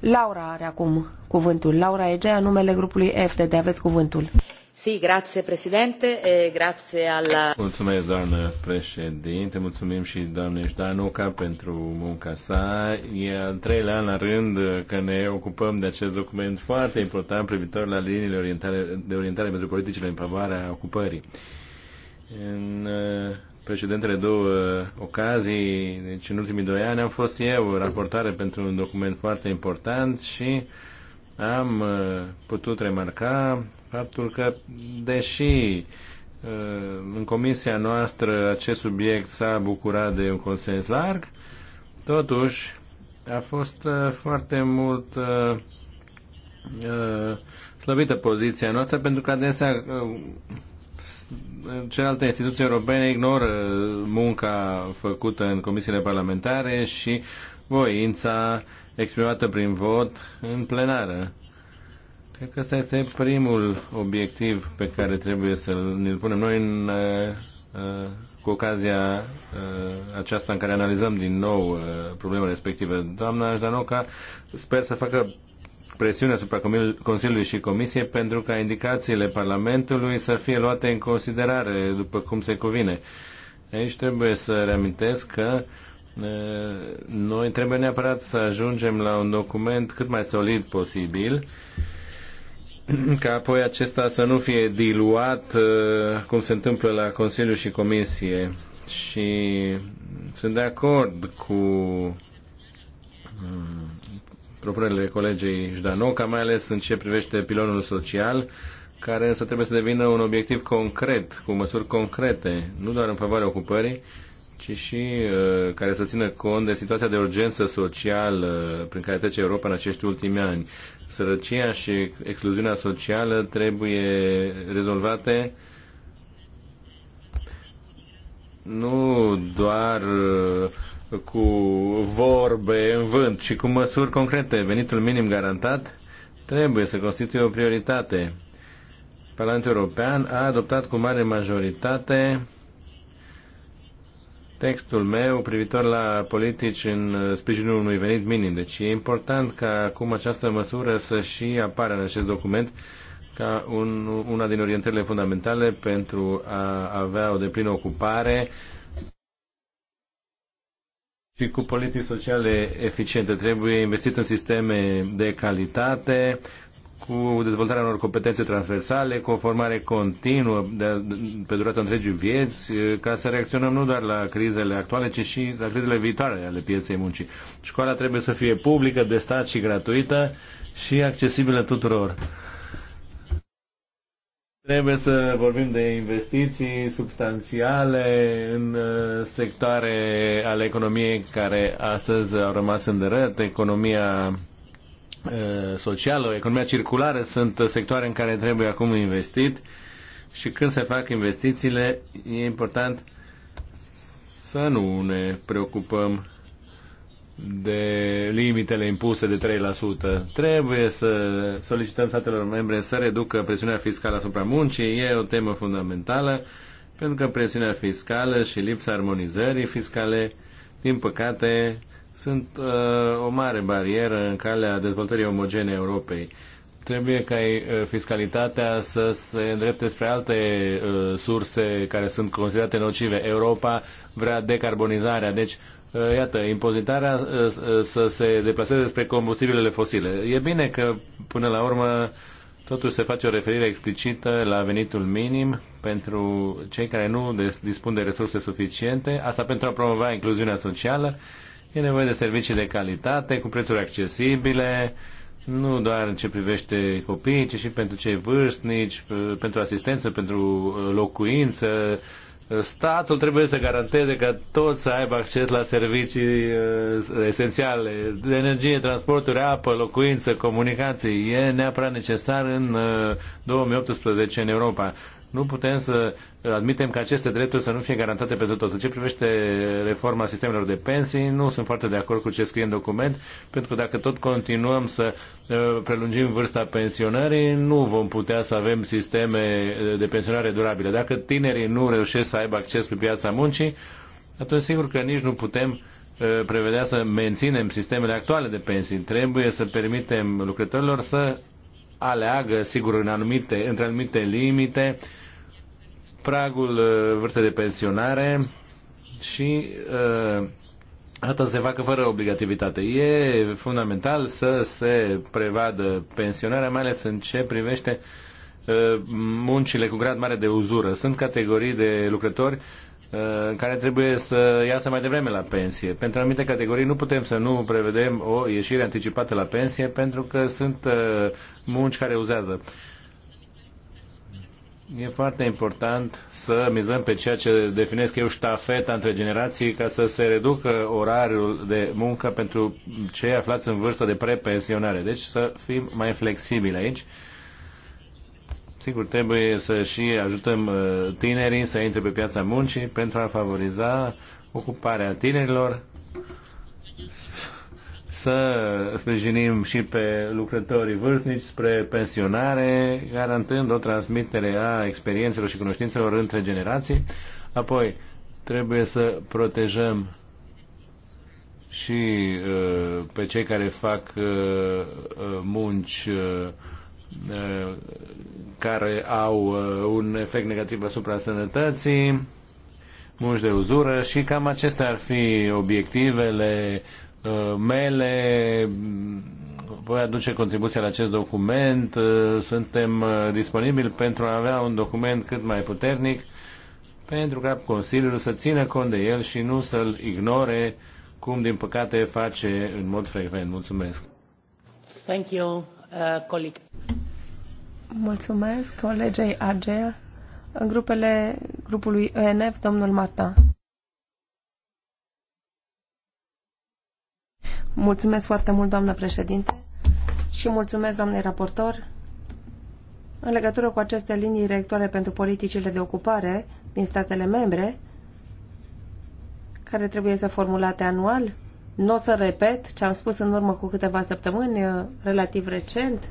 Laura are acum cuvântul. Laura Egea, numele grupului FDD. Aveți cuvântul. Si, grazie Presidente, e grazie alla...
Mulțumesc, doamnă președinte, mulțumim și doamne Ștanuca pentru munca sa. E al treilea an la rând că ne ocupăm de acest document foarte important privitor la liniile orientare, de orientare pentru politicile în favoarea ocupării. În uh, precedentele două uh, ocazii, deci în ultimii doi ani, am fost eu raportare pentru un document foarte important și am uh, putut remarca faptul că, deși în comisia noastră acest subiect s-a bucurat de un consens larg, totuși a fost foarte mult slăvită poziția noastră pentru că adesea celelalte instituții europene ignoră munca făcută în comisiile parlamentare și voința exprimată prin vot în plenară. Cred că ăsta este primul obiectiv pe care trebuie să ne-l punem noi în, uh, uh, cu ocazia uh, aceasta în care analizăm din nou problema respectivă. Doamna Jdanoca, sper să facă presiune asupra Consiliului și Comisiei pentru ca indicațiile Parlamentului să fie luate în considerare după cum se cuvine. Aici trebuie să reamintesc că noi trebuie neapărat să ajungem la un document cât mai solid posibil ca apoi acesta să nu fie diluat cum se întâmplă la Consiliu și Comisie. Și sunt de acord cu propunerile colegei Jdanoca, mai ales în ce privește pilonul social, care însă trebuie să devină un obiectiv concret, cu măsuri concrete, nu doar în favoarea ocupării, ci și uh, care să țină cont de situația de urgență socială prin care trece Europa în acești ultimi ani. Sărăcia și excluziunea socială trebuie rezolvate nu doar uh, cu vorbe în vânt, și cu măsuri concrete. Venitul minim garantat trebuie să constituie o prioritate. Parlamentul European a adoptat cu mare majoritate textul meu privitor la politici în sprijinul unui venit minim. Deci e important ca acum această măsură să și apară în acest document ca un, una din orientările fundamentale pentru a avea o deplină ocupare și cu politici sociale eficiente. Trebuie investit în sisteme de calitate, cu dezvoltarea unor competențe transversale, cu o formare continuă de, pe durata întregii vieți, ca să reacționăm nu doar la crizele actuale, ci și la crizele viitoare ale pieței muncii. Școala trebuie să fie publică, de stat și gratuită și accesibilă tuturor. Trebuie să vorbim de investiții substanțiale în uh, sectoare ale economiei care astăzi au rămas în derăt. economia uh, socială, economia circulară sunt sectoare în care trebuie acum investit și când se fac investițiile e important să nu ne preocupăm de limitele impuse de 3%. Trebuie să solicităm statelor membre să reducă presiunea fiscală asupra muncii. E o temă fundamentală, pentru că presiunea fiscală și lipsa armonizării fiscale, din păcate, sunt uh, o mare barieră în calea dezvoltării omogene Europei. Trebuie ca uh, fiscalitatea să se îndrepte spre alte uh, surse care sunt considerate nocive. Europa vrea decarbonizarea, deci Uh, iată, impozitarea uh, uh, să se deplaseze spre combustibilele fosile. E bine că, până la urmă, totuși se face o referire explicită la venitul minim pentru cei care nu dispun de resurse suficiente, asta pentru a promova incluziunea socială. E nevoie de servicii de calitate, cu prețuri accesibile, nu doar în ce privește copiii, ci și pentru cei vârstnici, pentru asistență, pentru locuință, statul trebuie să garanteze că toți să aibă acces la servicii uh, esențiale, de energie, transporturi, apă, locuință, comunicații. E neapărat necesar în 2018 uh, în Europa. Nu putem să admitem că aceste drepturi să nu fie garantate pentru toți. În ce privește reforma sistemelor de pensii, nu sunt foarte de acord cu ce scrie în document, pentru că dacă tot continuăm să prelungim vârsta pensionării, nu vom putea să avem sisteme de pensionare durabile. Dacă tinerii nu reușesc să aibă acces pe piața muncii, atunci sigur că nici nu putem prevedea să menținem sistemele actuale de pensii. Trebuie să permitem lucrătorilor să aleagă, sigur, în anumite, între anumite limite, pragul uh, vârstei de pensionare și uh, Asta se facă fără obligativitate. E fundamental să se prevadă pensionarea, mai ales în ce privește uh, muncile cu grad mare de uzură. Sunt categorii de lucrători care trebuie să iasă mai devreme la pensie. Pentru anumite categorii nu putem să nu prevedem o ieșire anticipată la pensie pentru că sunt uh, munci care uzează. E foarte important să mizăm pe ceea ce definesc eu ștafeta între generații ca să se reducă orariul de muncă pentru cei aflați în vârstă de prepensionare. Deci să fim mai flexibili aici Sigur, trebuie să și ajutăm uh, tinerii să intre pe piața muncii pentru a favoriza ocuparea tinerilor, să sprijinim și pe lucrătorii vârstnici spre pensionare, garantând o transmitere a experiențelor și cunoștințelor între generații. Apoi, trebuie să protejăm și uh, pe cei care fac uh, uh munci uh, Uh, care au uh, un efect negativ asupra sănătății, munci de uzură și cam acestea ar fi obiectivele uh, mele. Voi aduce contribuția la acest document. Suntem disponibili pentru a avea un document cât mai puternic pentru ca Consiliul să țină cont de el și nu să-l ignore, cum din păcate face în mod frecvent. Mulțumesc!
Thank you. Mulțumesc colegei Agea. În grupele grupului ENF, domnul Mata. Mulțumesc foarte mult, doamnă președinte, și mulțumesc, doamnei raportor. În legătură cu aceste linii directoare pentru politicile de ocupare din statele membre, care trebuie să formulate anual, nu o să repet ce am spus în urmă cu câteva săptămâni, uh, relativ recent.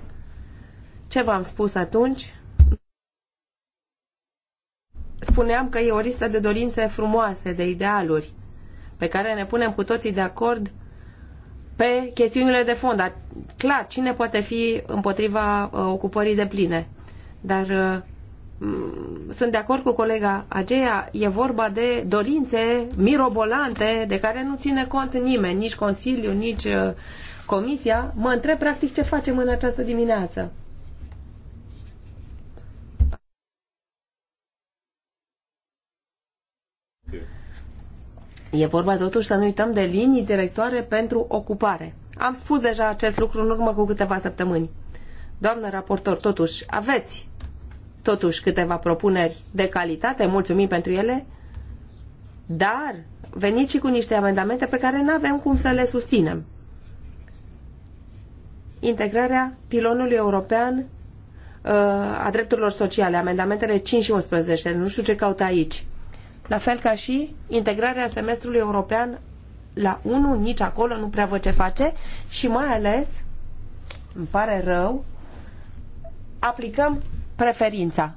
Ce v-am spus atunci? Spuneam că e o listă de dorințe frumoase, de idealuri, pe care ne punem cu toții de acord pe chestiunile de fond. Dar, clar, cine poate fi împotriva uh, ocupării de pline? Dar uh, Mm, sunt de acord cu colega aceea, e vorba de dorințe mirobolante de care nu ține cont nimeni, nici Consiliu, nici uh, Comisia. Mă întreb practic ce facem în această dimineață. E vorba totuși să nu uităm de linii directoare pentru ocupare. Am spus deja acest lucru în urmă cu câteva săptămâni. Doamnă raportor, totuși, aveți totuși câteva propuneri de calitate, mulțumim pentru ele, dar veniți și cu niște amendamente pe care nu avem cum să le susținem. Integrarea pilonului european uh, a drepturilor sociale, amendamentele 5 și 11, nu știu ce caută aici. La fel ca și integrarea semestrului european la 1, nici acolo nu prea văd ce face și mai ales, îmi pare rău, aplicăm preferința.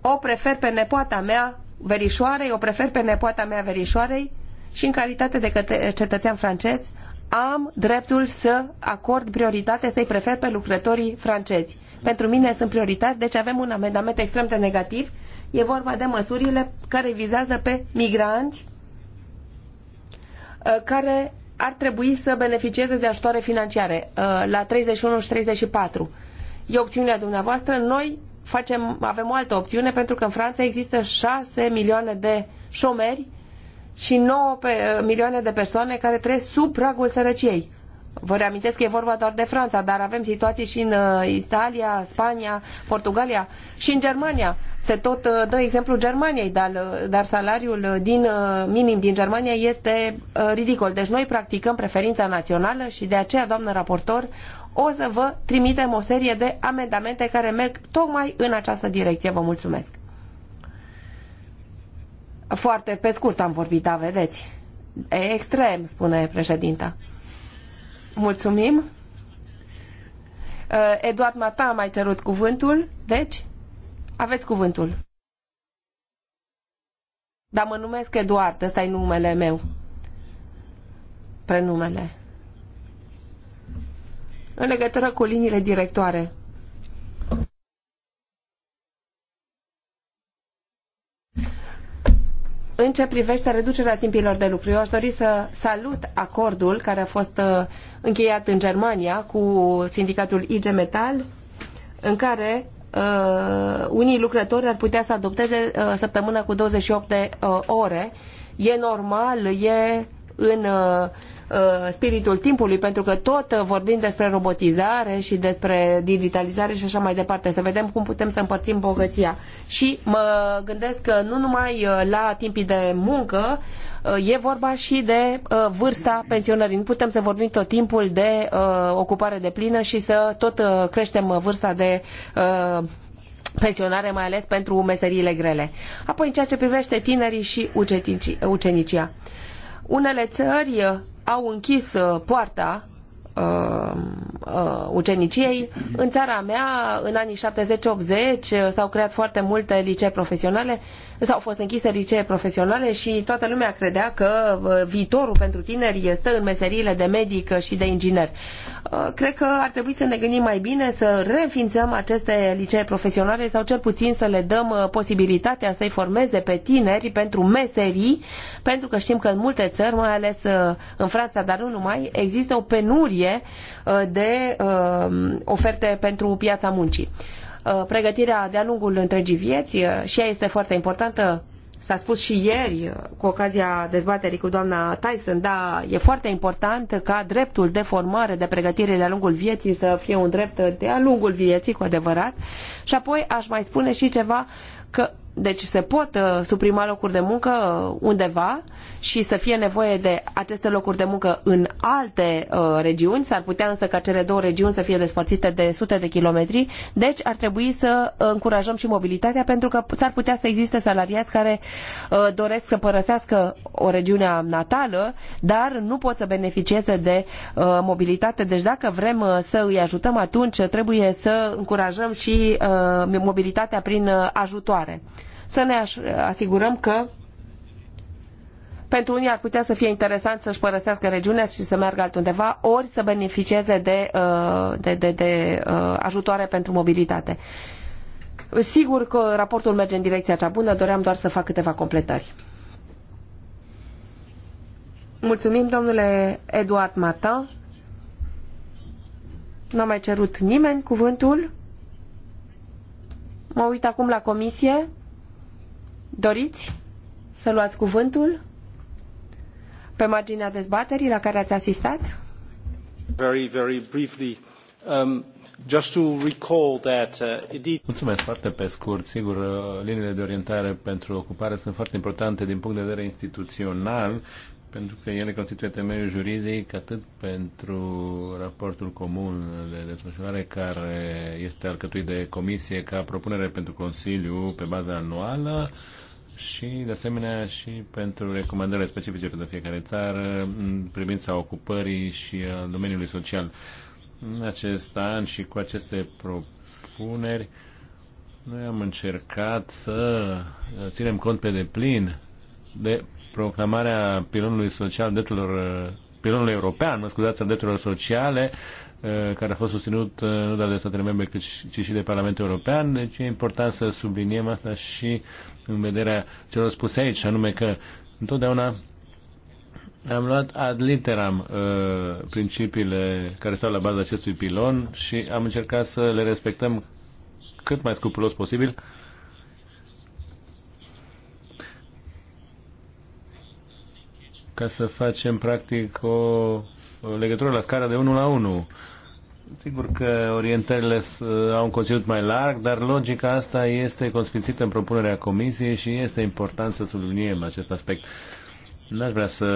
O prefer pe nepoata mea verișoarei, o prefer pe nepoata mea verișoarei și în calitate de cetățean francez am dreptul să acord prioritate, să-i prefer pe lucrătorii francezi. Pentru mine sunt prioritari, deci avem un amendament extrem de negativ. E vorba de măsurile care vizează pe migranți uh, care ar trebui să beneficieze de ajutoare financiare uh, la 31 și 34 e opțiunea dumneavoastră, noi facem, avem o altă opțiune pentru că în Franța există 6 milioane de șomeri și 9 pe, milioane de persoane care trăiesc sub pragul sărăciei. Vă reamintesc că e vorba doar de Franța, dar avem situații și în uh, Italia, Spania, Portugalia și în Germania. Se tot uh, dă exemplu Germaniei, dar, uh, dar salariul din minim din Germania este ridicol. Deci noi practicăm preferința națională și de aceea, doamnă raportor, o să vă trimitem o serie de amendamente care merg tocmai în această direcție. Vă mulțumesc! Foarte pe scurt am vorbit, da, vedeți. E extrem, spune președinta. Mulțumim. Uh, Eduard Mata a mai cerut cuvântul, deci aveți cuvântul. Dar mă numesc Eduard, ăsta e numele meu. Prenumele în legătură cu liniile directoare. În ce privește reducerea timpilor de lucru, eu aș dori să salut acordul care a fost uh, încheiat în Germania cu sindicatul IG Metal, în care uh, unii lucrători ar putea să adopteze uh, săptămână cu 28 de uh, ore. E normal, e în uh, Uh, spiritul timpului, pentru că tot uh, vorbim despre robotizare și despre digitalizare și așa mai departe, să vedem cum putem să împărțim bogăția. Și mă gândesc că nu numai uh, la timpii de muncă, e vorba și de vârsta pensionării. Nu putem să vorbim tot timpul de ocupare de plină și să tot creștem vârsta de pensionare, mai ales pentru meseriile grele. Apoi, în ceea ce privește tinerii și ucenicia. Unele țări au închis uh, poarta uh, uh, uceniciei. În țara mea, în anii 70-80, uh, s-au creat foarte multe licee profesionale, s-au fost închise licee profesionale și toată lumea credea că uh, viitorul pentru tineri stă în meseriile de medic și de inginer. Uh, cred că ar trebui să ne gândim mai bine să reînființăm aceste licee profesionale sau cel puțin să le dăm uh, posibilitatea să-i formeze pe tineri pentru meserii, pentru că știm că în multe țări, mai ales în Franța, dar nu numai, există o penurie serie uh, de uh, oferte pentru piața muncii. Uh, pregătirea de-a lungul întregii vieți și ea este foarte importantă. S-a spus și ieri, cu ocazia dezbaterii cu doamna Tyson, da, e foarte important ca dreptul de formare, de pregătire de-a lungul vieții să fie un drept de-a lungul vieții, cu adevărat. Și apoi aș mai spune și ceva că deci se pot uh, suprima locuri de muncă uh, undeva și să fie nevoie de aceste locuri de muncă în alte uh, regiuni. S-ar putea însă ca cele două regiuni să fie despărțite de sute de kilometri. Deci ar trebui să încurajăm și mobilitatea pentru că s-ar putea să existe salariați care doresc să părăsească o regiune natală, dar nu pot să beneficieze de mobilitate. Deci dacă vrem să îi ajutăm atunci trebuie să încurajăm și mobilitatea prin ajutoare să ne asigurăm că pentru unii ar putea să fie interesant să-și părăsească regiunea și să meargă altundeva, ori să beneficieze de, uh, de, de, de uh, ajutoare pentru mobilitate. Sigur că raportul merge în direcția cea bună, doream doar să fac câteva completări. Mulțumim, domnule Eduard Mata. N-a mai cerut nimeni cuvântul. Mă uit acum la comisie. Doriți să luați cuvântul pe marginea dezbaterii la care ați asistat?
Very, very briefly. Um, just to recall that, uh, indeed... Mulțumesc foarte pe scurt. Sigur, uh, liniile de orientare pentru ocupare sunt foarte importante din punct de vedere instituțional, pentru că ele constituie temeiul juridic atât pentru raportul comun de desfășurare care este alcătuit de comisie ca propunere pentru Consiliu pe bază anuală, și, de asemenea, și pentru recomandările specifice pentru fiecare țară în privința ocupării și a domeniului social. În acest an și cu aceste propuneri, noi am încercat să uh, ținem cont pe deplin de proclamarea pilonului social drepturilor uh, pilonul european, mă scuzați, drepturilor sociale, uh, care a fost susținut nu doar de statele membre, cât și, ci și de Parlamentul European. Deci e important să subliniem asta și în vederea celor spuse aici, anume că întotdeauna am luat ad literam uh, principiile care stau la baza acestui pilon și am încercat să le respectăm cât mai scrupulos posibil. ca să facem practic o legătură la scara de 1 la 1 Sigur că orientările uh, au un conținut mai larg, dar logica asta este consfințită în propunerea comisiei și este important să subliniem acest aspect. N-aș vrea să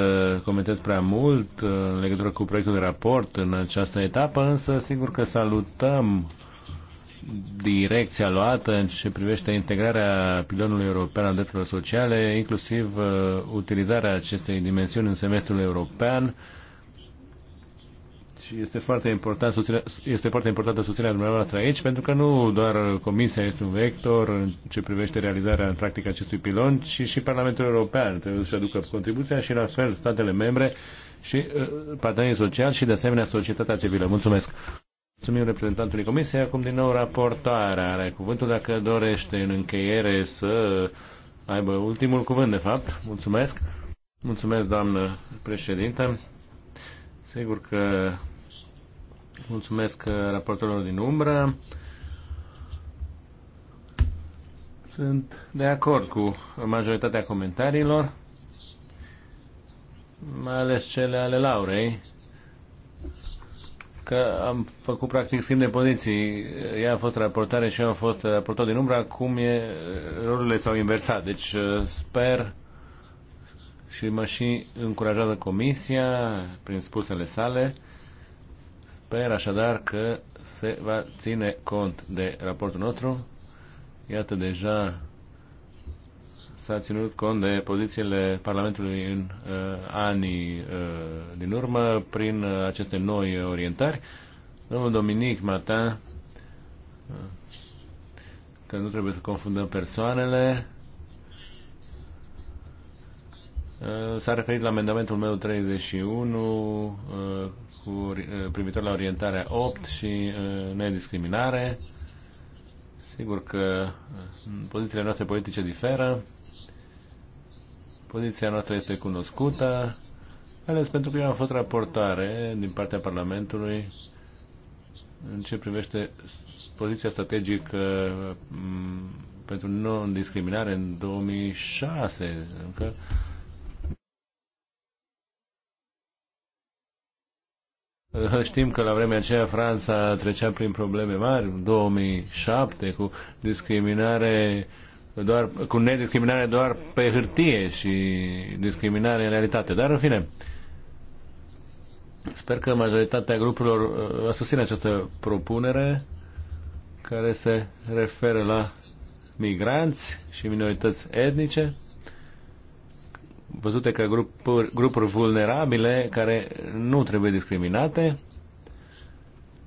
comentez prea mult uh, în legătură cu proiectul de raport în această etapă, însă sigur că salutăm direcția luată în ce privește integrarea pilonului european al drepturilor sociale, inclusiv uh, utilizarea acestei dimensiuni în semestrul european, deci este foarte, important este foarte importantă susținerea dumneavoastră aici, pentru că nu doar Comisia este un vector în ce privește realizarea în practică acestui pilon, ci și Parlamentul European trebuie să aducă contribuția și la fel statele membre și uh, partenerii sociali și de asemenea societatea civilă. Mulțumesc! Mulțumim reprezentantului Comisiei. Acum din nou raportoarea are cuvântul dacă dorește în încheiere să aibă ultimul cuvânt, de fapt. Mulțumesc! Mulțumesc, doamnă președintă! Sigur că Mulțumesc uh, raportorilor din umbră. Sunt de acord cu majoritatea comentariilor, mai ales cele ale Laurei, că am făcut practic schimb de poziții. Ea a fost raportare și eu am fost raportor din umbră, acum e, rolurile s-au inversat. Deci uh, sper și mă și încurajează comisia prin spusele sale Sper așadar că se va ține cont de raportul nostru. Iată deja s-a ținut cont de pozițiile Parlamentului în uh, anii uh, din urmă prin uh, aceste noi orientări. Domnul Dominic Mata, uh, că nu trebuie să confundăm persoanele, uh, s-a referit la amendamentul meu 31, uh, cu eh, privitor la orientarea 8 și eh, nediscriminare. Sigur că eh, pozițiile noastre politice diferă. Poziția noastră este cunoscută, ales pentru că eu am fost raportare din partea Parlamentului în ce privește poziția strategică mm, pentru non-discriminare în 2006. Încă Știm că la vremea aceea Franța trecea prin probleme mari, 2007, cu discriminare doar, cu nediscriminare doar pe hârtie și discriminare în realitate. Dar, în fine, sper că majoritatea grupurilor va uh, susține această propunere care se referă la migranți și minorități etnice văzute ca grupuri, grupuri vulnerabile care nu trebuie discriminate.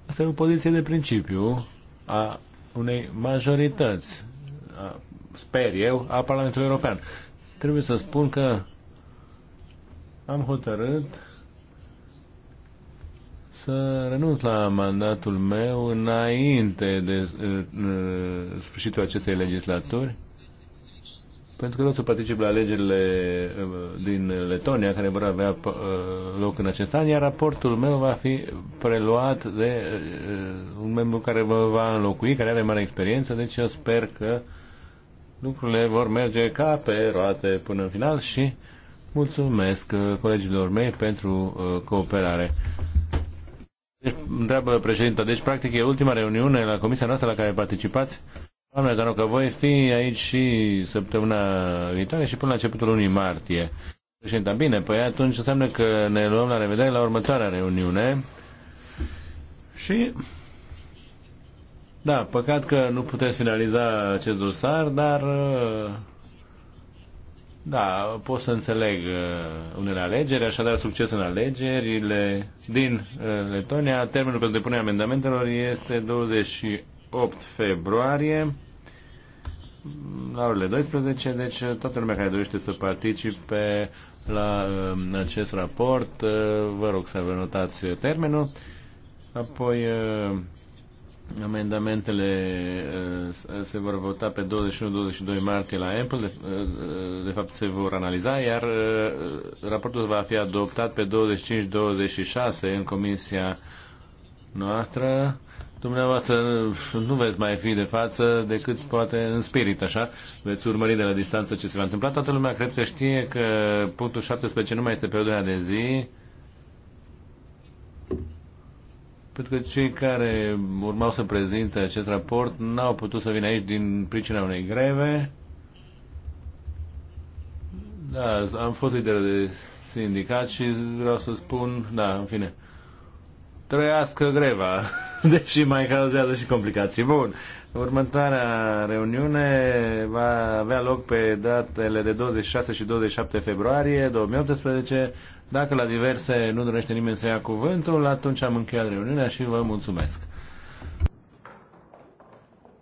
Asta e o poziție de principiu a unei majorități, a, sper eu, a Parlamentului European. Trebuie să spun că am hotărât să renunț la mandatul meu înainte de uh, sfârșitul acestei legislaturi pentru că nu o să particip la alegerile uh, din Letonia, care vor avea uh, loc în acest an, iar raportul meu va fi preluat de uh, un membru care vă va înlocui, care are mare experiență, deci eu sper că lucrurile vor merge ca pe roate până în final și mulțumesc colegilor mei pentru cooperare. Deci, întreabă președinta, deci practic e ultima reuniune la comisia noastră la care participați? Doamne că voi fi aici și săptămâna viitoare și până la începutul lunii martie. Președinte, bine, păi atunci înseamnă că ne luăm la revedere la următoarea reuniune. Și da, păcat că nu puteți finaliza acest dosar, dar da, pot să înțeleg uh, unele alegeri, așadar succes în alegerile din uh, Letonia. Termenul pentru depunerea amendamentelor este 28 8 februarie la orele 12, deci uh, toată lumea care dorește să participe la uh, acest raport, uh, vă rog să vă notați termenul. Apoi amendamentele se vor vota pe 21-22 martie la Apple, de, de fapt se vor analiza, iar raportul va fi adoptat pe 25-26 în comisia noastră dumneavoastră nu veți mai fi de față decât poate în spirit, așa. Veți urmări de la distanță ce se va întâmpla. Toată lumea cred că știe că punctul 17 nu mai este pe ordinea de zi. Pentru că cei care urmau să prezinte acest raport n-au putut să vină aici din pricina unei greve. Da, am fost lider de sindicat și vreau să spun, da, în fine trăiască greva, deși mai cauzează și complicații. Bun, următoarea reuniune va avea loc pe datele de 26 și 27 februarie 2018. Dacă la diverse nu dorește nimeni să ia cuvântul, atunci am încheiat reuniunea și vă mulțumesc.